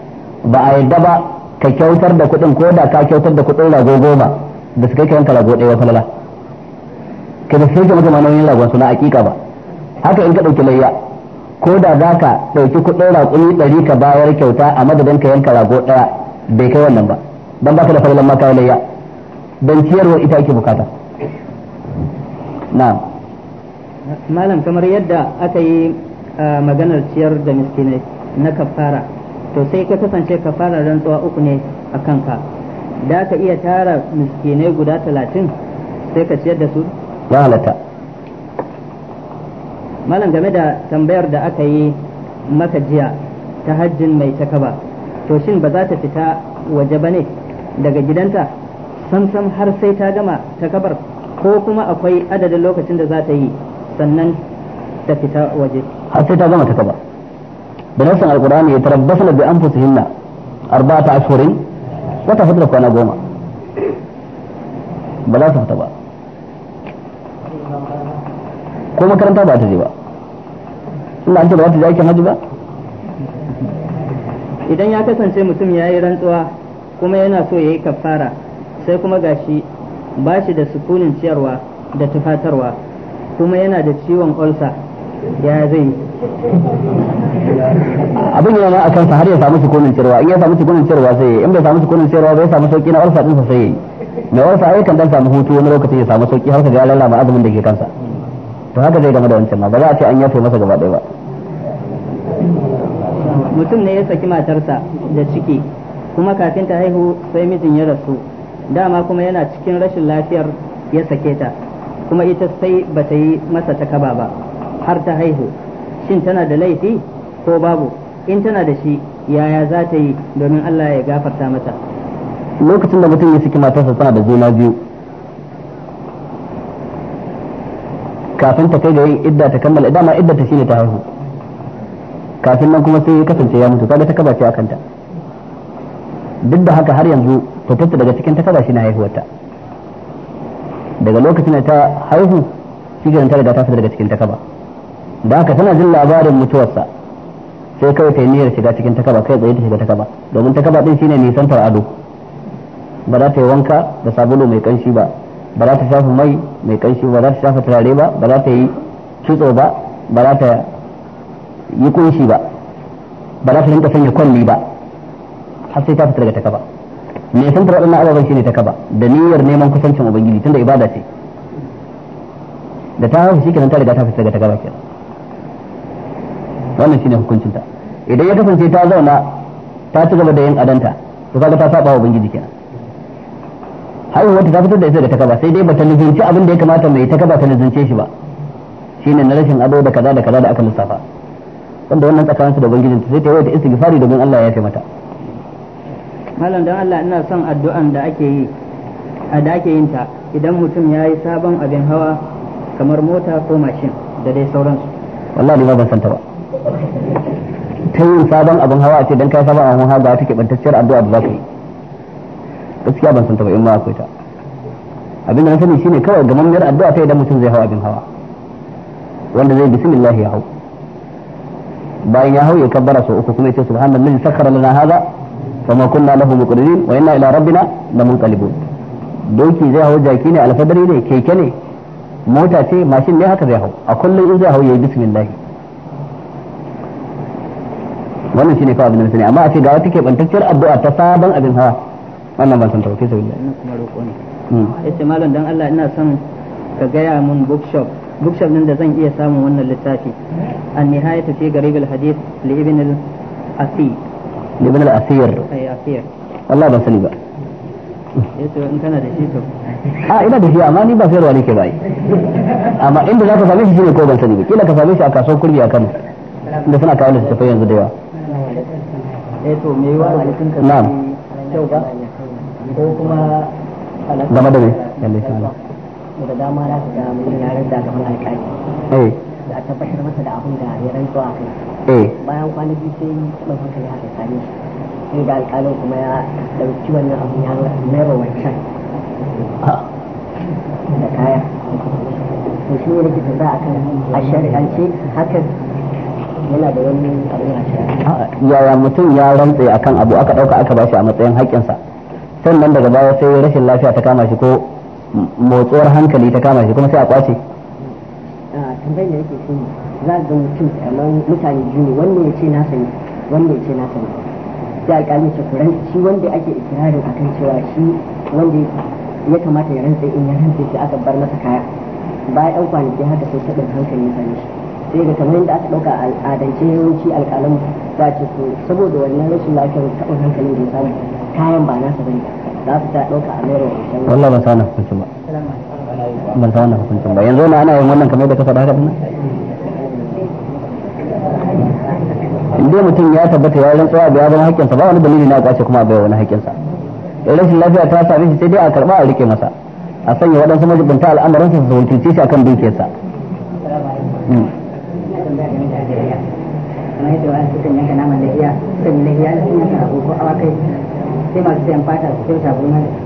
ba a yarda ba ka kyautar da kuɗin ko da ka kyautar da kuɗin rago goma da suka yanka rago ɗaya lala ka da sai ka maka manoyin ragon suna aƙiƙa ba haka in ka ɗauki layya ko da za ka ɗauki kuɗin raƙumi ɗari ka bayar kyauta a madadin ka yanka rago ɗaya bai kai wannan ba don baka da falalan maka layya don ciyarwa ita ake bukata na'am malam kamar yadda aka yi uh, maganar ciyar da miskinai na kafara to sai ka kasance kafara rantsuwa uku ne a kanka da ka iya tara miskinai guda talatin sai ka ciyar da su lalata. malam game da tambayar da aka yi maka jiya ta hajjin mai takaba to shin ba za ta fita waje ba ne daga gidanta sam har sai ta gama takabar ko kuma akwai adadin lokacin da za ta yi sannan ta fita waje har sai ta gama ta kaba da nasan alqur'ani ya tarabbasna bi anfusihinna arba'ata ashhurin wata da kwana goma ba za su fita ba ko makaranta ba ta je ba Allah an ce ba za ta je aikin hajji ba idan ya kasance mutum ya yi rantsuwa kuma yana so ya yi kafara sai kuma gashi ba shi da sukunin ciyarwa da tufatarwa kuma yana da ciwon ulcer ya zai abin yana ma a kansa har ya samu sukunin cirwa in ya samu sukunin cirwa sai in bai samu sukunin cirwa bai samu sauki na ulcer dinsa sai mai ulcer ai kan dan samu hutu wani lokacin ya samu sauki har ka ga ma azumin da ke kansa to haka zai game da wancan ma ba za a ce an yafe masa gaba ɗaya ba mutum ne ya saki matarsa da ciki kuma kafin ta haihu sai mijin ya rasu dama kuma yana cikin rashin lafiyar ya sake ta kuma ita sai ba ta yi masa takaba ba har ta haihu shin tana da laifi ko babu in tana da shi yaya za ta yi domin Allah ya gafarta mata lokacin da mutum ya saki matarsa sa da juna biyu kafin ta kai ga yin idda ta kammala ma idda ta shine ta haihu kafin nan kuma sai ya kasance ya mutu kaga ta kaba ce kanta duk da haka har yanzu ta daga cikin ta kaba shi na haihuwarta daga lokacin da ta haihu shi kenan ta riga ta fita daga cikin takaba da haka tana jin labarin mutuwarsa sai kawai ta yi niyyar shiga cikin takaba kai tsaye ta shiga takaba domin takaba din shine nisan ado ba za ta yi wanka da sabulu mai kanshi ba ba za ta shafa mai mai kanshi ba za ta shafa turare ba ba za ta yi kitso ba ba za ta yi kunshi ba ba za ta rinka sanya kwalli ba har sai ta fita daga takaba mai san na ababen shine ta kaba da niyyar neman kusancin ubangiji tunda ibada ce da ta haifu shikenan ta riga ta fita daga ta kaba kenan wannan shine hukuncin ta idan ya kasance ta zauna ta ci gaba da yin adanta to kaga ta saba wa ubangiji kenan wata ta fitar da ita daga ta kaba sai dai bata lizinci abin da ya kamata mai ta kaba ta lizince shi ba shine na rashin ado da kaza da kaza da aka lissafa wanda wannan tsakaninsu da ubangijinta sai ta yawaita istighfari domin Allah ya fi mata malam don Allah ina son addu'an da ake yi da ake yinta ta idan mutum ya yi sabon abin hawa kamar mota ko mashin da dai sauransu wallahi ma ban santa ba ta yin sabon abin hawa a ce dan kai sabon abin hawa ga wata bantacciyar addu'a da za ka yi gaskiya ban santa ba in ma akwai ta abin da na sani shine kawai mamayar addu'a ta idan mutum zai hawa abin hawa wanda zai bismillah ya hau bayan ya hau ya kabbara sau uku kuma ya ce subhanallahi sakhara lana hadha فما كنا له مقرنين وإنا إلى ربنا لمنقلبون doki zai hau jaki ne alfadari ne keke ne mota ce mashin ne haka zai hau a kullum in zai hau yayi bismillah wannan shine fa abin sani amma a ce ga wata kebantacciyar addu'a ta sabon abin hawa wannan ban san ta fi sabilla yace malam dan Allah ina son ka gaya mun bookshop bookshop nan da zan iya samun wannan littafi an nihayatu fi garib al hadith li ibn al asi لابن الاثير اي wallahi ba sani بقى a ina da shi amma ni ba sayarwa nake bai amma inda za ka same shi shine ko ban sani ba kila ka same shi a kasuwar kurmi a Kano inda suna kawo littattafai yanzu da yawa eh to me yawa na'am ko kuma game da me da dama na ga mun da alƙali eh da a tabbatar masa da abin da ya rantsu a kai eh. bayan kwanan biyu sai taɓa hankali haka sami sai ga alƙalin kuma ya ɗauki wannan abin ya mayar wancan da kaya to shi ne da tambaya akan a shari'ance hakan yana da wani abin a shari'a yaya mutum ya rantse akan abu aka ɗauka aka ba shi a matsayin haƙƙinsa sannan daga baya sai rashin lafiya ta kama shi ko motsuwar hankali ta kama shi kuma sai a kwace tambayar da yake shi za ga mutum kamar mutane biyu ne wanda ya ce na sani wanda ya ce na sani da alƙalin ce kuran shi wanda ake ikirarin akan cewa shi wanda ya kamata ya rantsa in ya rantsa shi aka bar masa kaya bayan ɗan kwanaki haka sai taɓin hankali ya same shi sai ga kamar yadda aka ɗauka al'adance yawanci alƙalan za ce ko saboda wannan rashin lafiyar taɓin hankalin da ya samu kayan ba nasa bane za su ta ɗauka a mero wannan ba sa na hukunci ba ban san wannan hukuncin ba yanzu na ana yin wannan kamar da ka faɗa haka dai mutum ya tabbata ya rantsuwa da ya zama haƙƙinsa ba wani dalili na kwace kuma bai wani haƙƙinsa rashin lafiya ta same shi sai dai a karɓa a rike masa a sanya waɗansu majibinta al'amarin su wakilce shi akan dukiyarsa hmm. sai masu sayan fata su kyauta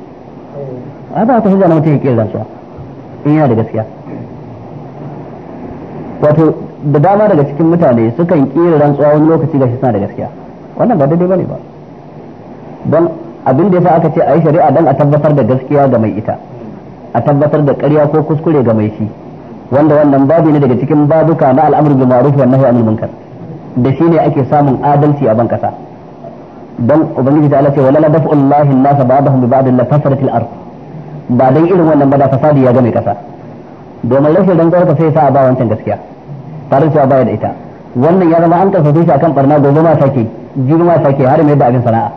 ai ba ta hujja na mutum ya kira rantsuwa in yana da gaskiya wato da dama daga cikin mutane sukan kira rantsuwa wani lokaci ga shi suna da gaskiya wannan ba daidai bane ba don abin da yasa aka ce a yi shari'a don a tabbatar da gaskiya ga mai ita a tabbatar da ƙarya ko kuskure ga mai shi wanda wannan babu ne daga cikin babuka na al'amur bil ma'ruf wa nahyi anil munkar da shi ne ake samun adalci a ban kasa dan ubangiji ta Allah ce wala la dafu Allahi an-nas ba'dahum bi ba'd la fasaratil ardh ba dan irin wannan ba da fasadi ya game kasa domin rashin rantsuwar ka sai sa ba wancan gaskiya tare cewa baya da ita wannan ya zama an karfafe shi akan barna gobe ma sake jibi ma sake har mai da abin sana'a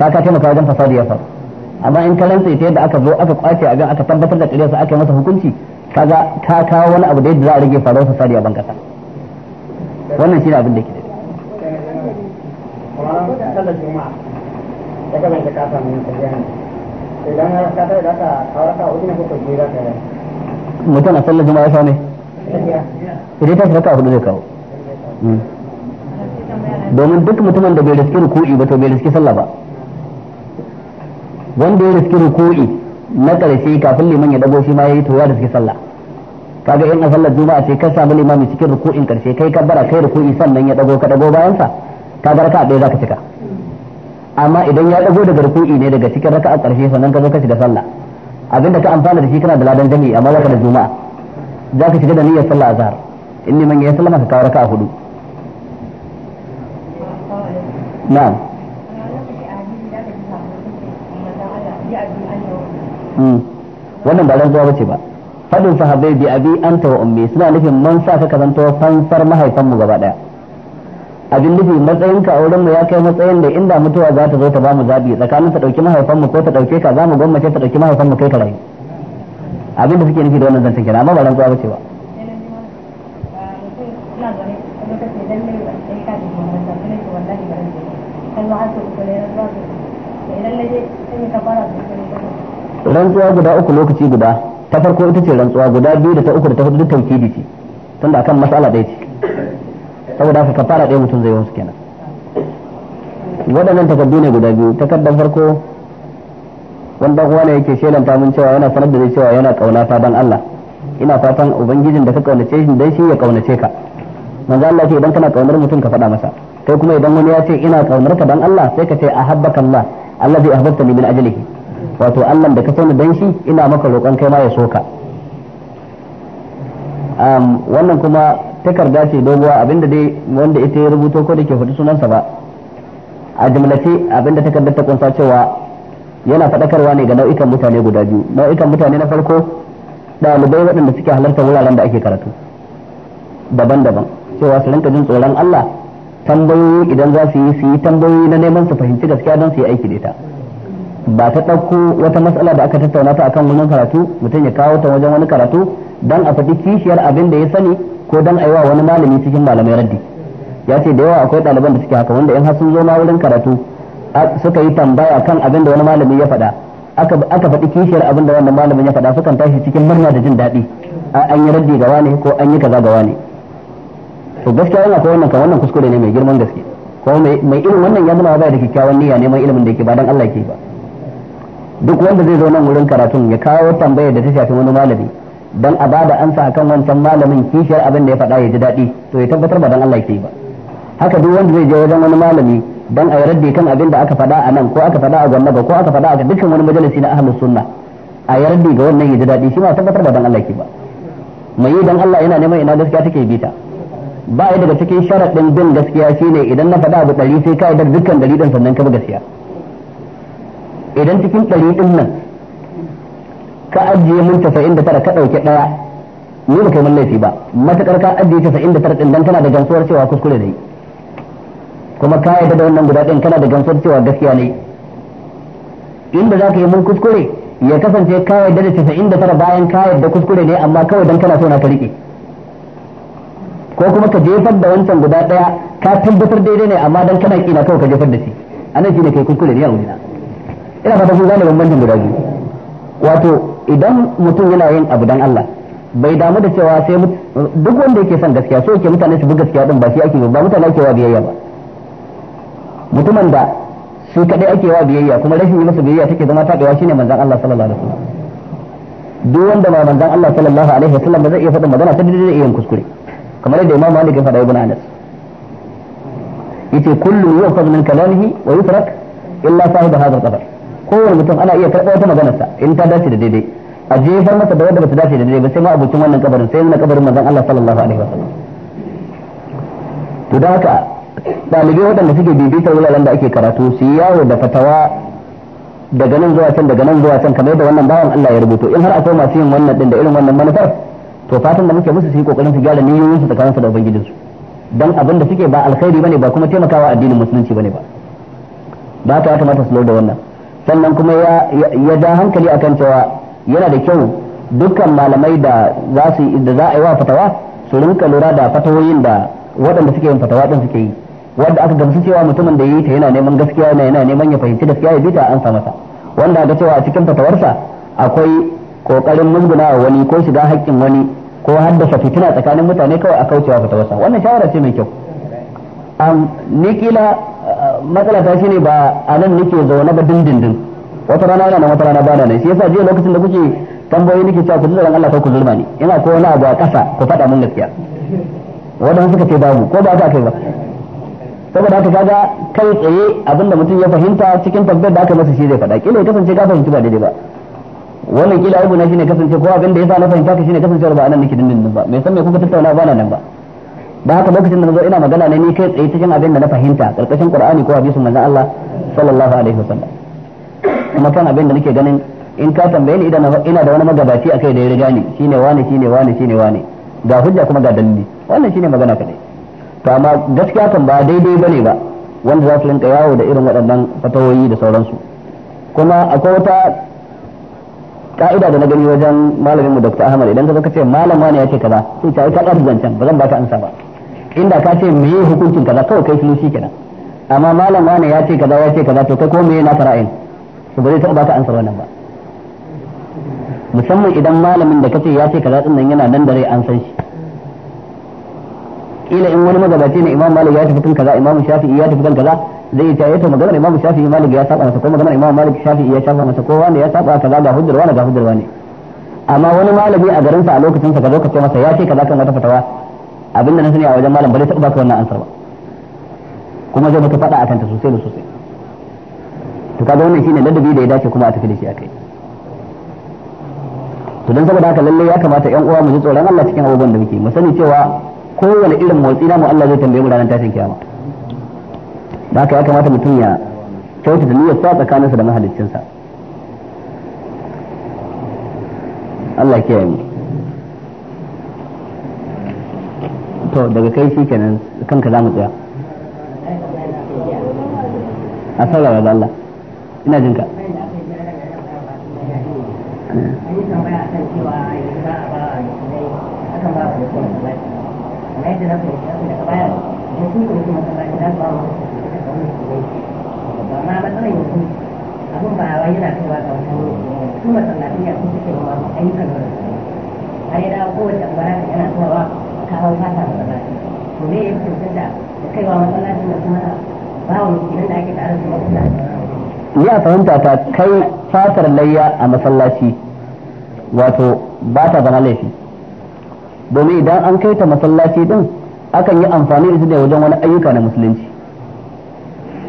ka ka taimaka wajen fasadi ya faru amma in ka rantsa ta yadda aka zo aka kwace abin aka tabbatar da ƙaryarsa aka masa hukunci kaga ka kawo wani abu da yadda za a rage faruwar fasadi a bankasa wannan shine abin da ke da mutum a sallar juma'a sha ne idan ta shirka hudu zai kawo hmm. domin duk mutumin da bai riski ruku'i ba to bai riski sallah ba wanda ya riski ruku'i na ƙarshe kafin liman ya dago shi ma ya yi to ya riski sallah kaga in a sallar juma'a ce ka samu limami cikin ruku'in ƙarshe kai kabbara kai ruku'i sannan ya dago ka dago bayan sa kaga raka'a ɗaya ka cika amma idan ya dago daga ruku'i ne daga cikin raka'a karshe sannan ka zo ka shiga sallah abinda ka amfana da shi kana da ladan jami'i amma zaka da juma'a zaka shiga da niyyar sallah azhar in liman ya sallama ka kawo raka'a hudu na'am hmm. wannan ba rantsuwa bace ba fadin sahabbai bi abi anta wa ummi suna nufin man sa ka kazanto fansar mahaifanmu gaba daya abin nufi matsayinka a wurinmu ya kai matsayin da inda mutuwa za ta zo ta bamu zabi tsakanin ta dauki mahaifanmu ko ta dauke ka za mu gwammace ta dauki mahaifanmu kai ka rayu abin da suke nufi da wannan zancen kira amma ba rantsuwa bace ba rantsuwa guda uku lokaci guda ta farko ita ce rantsuwa guda biyu da ta uku da ta hudu duk da ce tunda akan matsala ɗaya ce saboda haka kafara ɗaya mutum zai wasu kenan waɗannan takardu ne guda biyu takardar farko wanda uwa ne yake shelanta mun cewa yana sanar da zai cewa yana ƙauna ta dan Allah ina fatan ubangijin da ka ƙaunace shi dai shi ya ƙaunace ka manzo Allah ke idan kana ƙaunar mutum ka faɗa masa kai kuma idan wani ya ce ina ƙaunar ka dan Allah sai ka ce ahabbaka Allah Allah zai ahbabta ni min ajlihi wato Allah da ka sauna dan shi ina maka roƙon kai ma ya soka um, wannan kuma takarda ce doguwa abinda dai wanda ita ya rubuto ko da ke hudu sunansa ba a jimlace abinda takardar ta kunsa cewa yana faɗakarwa ne ga nau'ikan mutane guda biyu nau'ikan mutane na farko ɗalibai waɗanda suke halarta wuraren da ake karatu daban-daban cewa su rinka jin tsoron Allah tambayoyi idan za su yi su yi tambayoyi na neman su fahimci gaskiya don su yi aiki da ita ba ta ɗauko wata matsala da aka tattauna ta akan wurin karatu mutum ya kawo ta wajen wani karatu dan a faɗi kishiyar abin da ya sani ko dan aiwa wani malami cikin malamai raddi ya ce da yawa akwai ɗaliban da suke haka wanda in har sun zo ma wurin karatu suka yi tambaya kan abin da wani malami ya faɗa aka faɗi kishiyar abin da wannan malamin ya faɗa sukan tashi cikin murna da jin daɗi an yi raddi gawa ne ko an yi kaza gawa ne to gaskiya yana akwai wannan kan wannan kuskure ne mai girman gaske ko mai irin wannan ya zama bai da kyakkyawan niyya neman ilimin da yake ba dan Allah ke ba duk wanda zai zo nan wurin karatun ya kawo tambayar da ta shafi wani malami don a bada ansa akan wancan malamin kishiyar abin da ya faɗa ya ji daɗi to ya tabbatar ba don Allah ya ba haka duk wanda zai je wajen wani malami don a yarda kan abin da aka faɗa a nan ko aka faɗa a gwamnati ko aka faɗa a dukkan wani majalisi na ahlus sunna a yarda ga wannan ya ji daɗi shi ma tabbatar ba don Allah ya ba mai yi don Allah yana neman ina gaskiya take bita ba ya daga cikin sharaɗin bin gaskiya shine idan na faɗa abu ɗari sai ka daga dukkan ɗari ɗin sannan ka bi gaskiya idan cikin ɗari ɗin nan ka ajiye mun 99 ka dauke daya ni ba kai mun laifi ba matakar ka ajiye 99 din dan kana da gamsuwar cewa kuskure ne kuma ka yadda da wannan guda din kana da gamsuwar cewa gaskiya ne inda za ka yi mun kuskure ya kasance ka yadda da 99 bayan ka yadda kuskure ne amma kawai dan kana so na ka rike ko kuma ka jefar da wancan guda daya ka tabbatar daidai ne amma dan kana kina kawai ka jefar da shi anan shine kai kuskure ne a wurina ina fata kun gane bambancin guda biyu wato idan mutum yana yin abu dan Allah bai damu da cewa sai duk wanda yake son gaskiya so yake mutane su bi gaskiya din ba shi ake ba mutane ake wa biyayya ba mutumin da su kadai ake wa biyayya kuma rashin yi masa biyayya take zama taɓewa shine manzon Allah sallallahu alaihi wasallam duk wanda ba manzon Allah sallallahu alaihi wasallam ba zai iya faɗin magana ta da zai iya kuskure kamar yadda Imam Malik ya faɗa Ibn Anas yace kullu yu'khadh min kalamihi wa yutrak illa sahib hadha al-qabr kowane mutum ana iya karɓar wata maganarsa in ta dace da daidai a jefar masa da wanda ba su dace da dare ba sai ma abokin wannan kabarin sai na kabarin manzon Allah sallallahu alaihi wasallam to da haka dalibai waɗanda suke bibitar wuraren da ake karatu su yi yawo da fatawa daga nan zuwa can daga nan zuwa can kamar yadda wannan bawan Allah ya rubuto in har akwai masu yin wannan din da irin wannan manufar to fatan da muke musu su yi kokarin su gyara niyoyin su tsakanin su da ubangijin su dan abin da suke ba alkhairi bane ba kuma taimakawa addinin musulunci bane ba ba ta kamata su lura da wannan sannan kuma ya ya da hankali akan cewa yana da kyau dukkan malamai da za su da za a yi wa fatawa su rinka lura da fatawoyin da waɗanda suke yin fatawa din suke yi wanda aka gamsu cewa mutumin da ya yi ta yana neman gaskiya ne yana neman ya fahimci gaskiya ya bi ta an sa masa wanda ga cewa a cikin fatawarsa akwai kokarin musguna wani ko shiga haƙƙin wani ko haddasa fitina tsakanin mutane kawai a kaucewa fatawarsa wannan shawara ce mai kyau ni kila matsala ta shine ba a nan nake zaune ba dindindin wata rana yana nan wata rana bana nan shi yasa jiya lokacin da kuke tambayoyi nake cewa ku ji tsoron Allah ko ku zulma ni ina ko wani abu a kasa ku faɗa mun gaskiya wanda suka ce babu ko ba ka kai ba saboda haka kaga kai tsaye abinda mutum ya fahimta cikin tabbatar da aka masa shi zai faɗa kila ya kasance ka fahimci ba daidai ba wannan kila abu na shine kasance ko abin da yasa na fahimta ka shine kasancewar ba anan nake dindin ba me san me kuka tattauna ba nan ba da haka lokacin da nazo ina magana ne ni kai tsaye cikin abin da na fahimta karkashin Qur'ani ko hadisin manzon Allah sallallahu alaihi wasallam kuma kan abin da nake ganin in ka tambaye ni idan ina da wani magabaci a kai da ya riga ni shine wani shine wani shine wani ga hujja kuma ga dalili wannan shine magana kadai to amma gaskiya kan ba daidai bane ba wanda za su rinka yawo da irin waɗannan fatawoyi da sauransu kuma akwai wata ka'ida da na gani wajen malamin mu Dr. Ahmad idan ka zo ka ce malam wani ya ce kaza sai ta ka ƙarfi zancen ba zan baka ansa ba inda ka ce me hukuncin kaza kawai kai shi kenan amma malam wani ya ce kaza ya ce kaza to kai ko me na fara'in ba zai taɓa baka ansar wannan ba musamman idan malamin da kace ya ce kaza din nan yana nan da rai an san shi kila in wani magabaci ne imam malik ya tafi kan kaza imam shafi'i ya tafi kan kaza zai yi eh, tayyata maganar imam shafi'i malik ya saba masa ko maganar imam malik shafi'i ya saba masa ko wanda ya saba kaza ga hujjar wani ga hujjar wani amma wani malami a garin sa a lokacin sa ka zo ka ce masa ya ce kaza kan wata fatawa abinda na sani a wajen malam ba zai taɓa baka wannan ansar ba kuma zai maka fada akan ta sosai da sosai to kaga wannan shine ladabi da ya dace kuma a tafi da shi akai to dan saboda haka lalle ya kamata ƴan uwa mu ji tsoron Allah cikin abubuwan da muke mu sani cewa kowane irin motsi na mu Allah zai tambaye mu ranar tashin kiyama da haka ya kamata mutum ya kyautata niyyar sa tsakaninsa da mahaliccinsa Allah ya kiyaye mu to daga kai shi kenan kanka za mu tsaya a saurara da Allah ina jin ka abun ba wai da yana da da kaiwa masallacin da kuma ba wa da ake tare da ni a fahimta ta kai fatar layya a masallaci wato ba ta zama laifi domin idan an kai ta masallaci din akan yi amfani da su ne wajen wani ayyuka na musulunci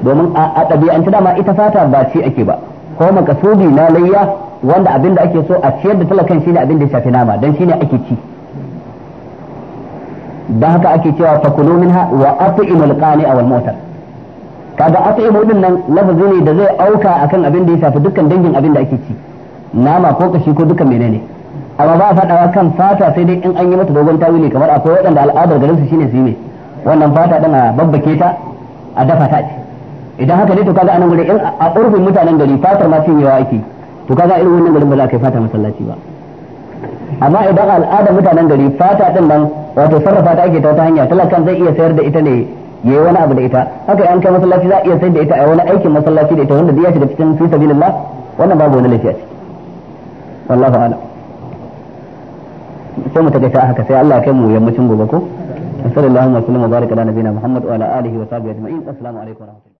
domin a ɗabi'anci dama ita fata ba ci ake ba ko makasudi na layya wanda abin da ake so a ciyar da talakan shine abin da shafi nama don shine ake ci dan haka ake cewa fakulu minha wa at'imul qani wal mu'tar kaga at'imu din nan lafazi ne da zai auka akan abin da ya shafi dukkan dangin abin da ake ci nama ko kashi ko dukkan menene amma ba a fadawa kan fata sai dai in an yi mata dogon tawili kamar akwai waɗanda al'adar garin su shine su yi wannan fata din a babbake ta a dafa ta ce idan haka ne to kaga anan gure in a urfin mutanen gari fatar ma sun yawa ake to kaga irin wannan garin ba za ka fata masallaci ba amma idan al'adar mutanen gari fata din nan wato sarrafa ta ake ta wata hanya talakan zai iya sayar da ita ne yayi wani abu da ita haka an kai masallaci za a iya sai da ita a wani aikin masallaci da ita wanda zai da cikin fi sabilillah wannan babu wani laifi a ciki wallahu a'lam sai mu take ta haka sai Allah ya kai mu yammacin gobe ko sallallahu alaihi wa sallam baraka ala nabiyina muhammad wa ala alihi wa sahbihi ajma'in assalamu alaikum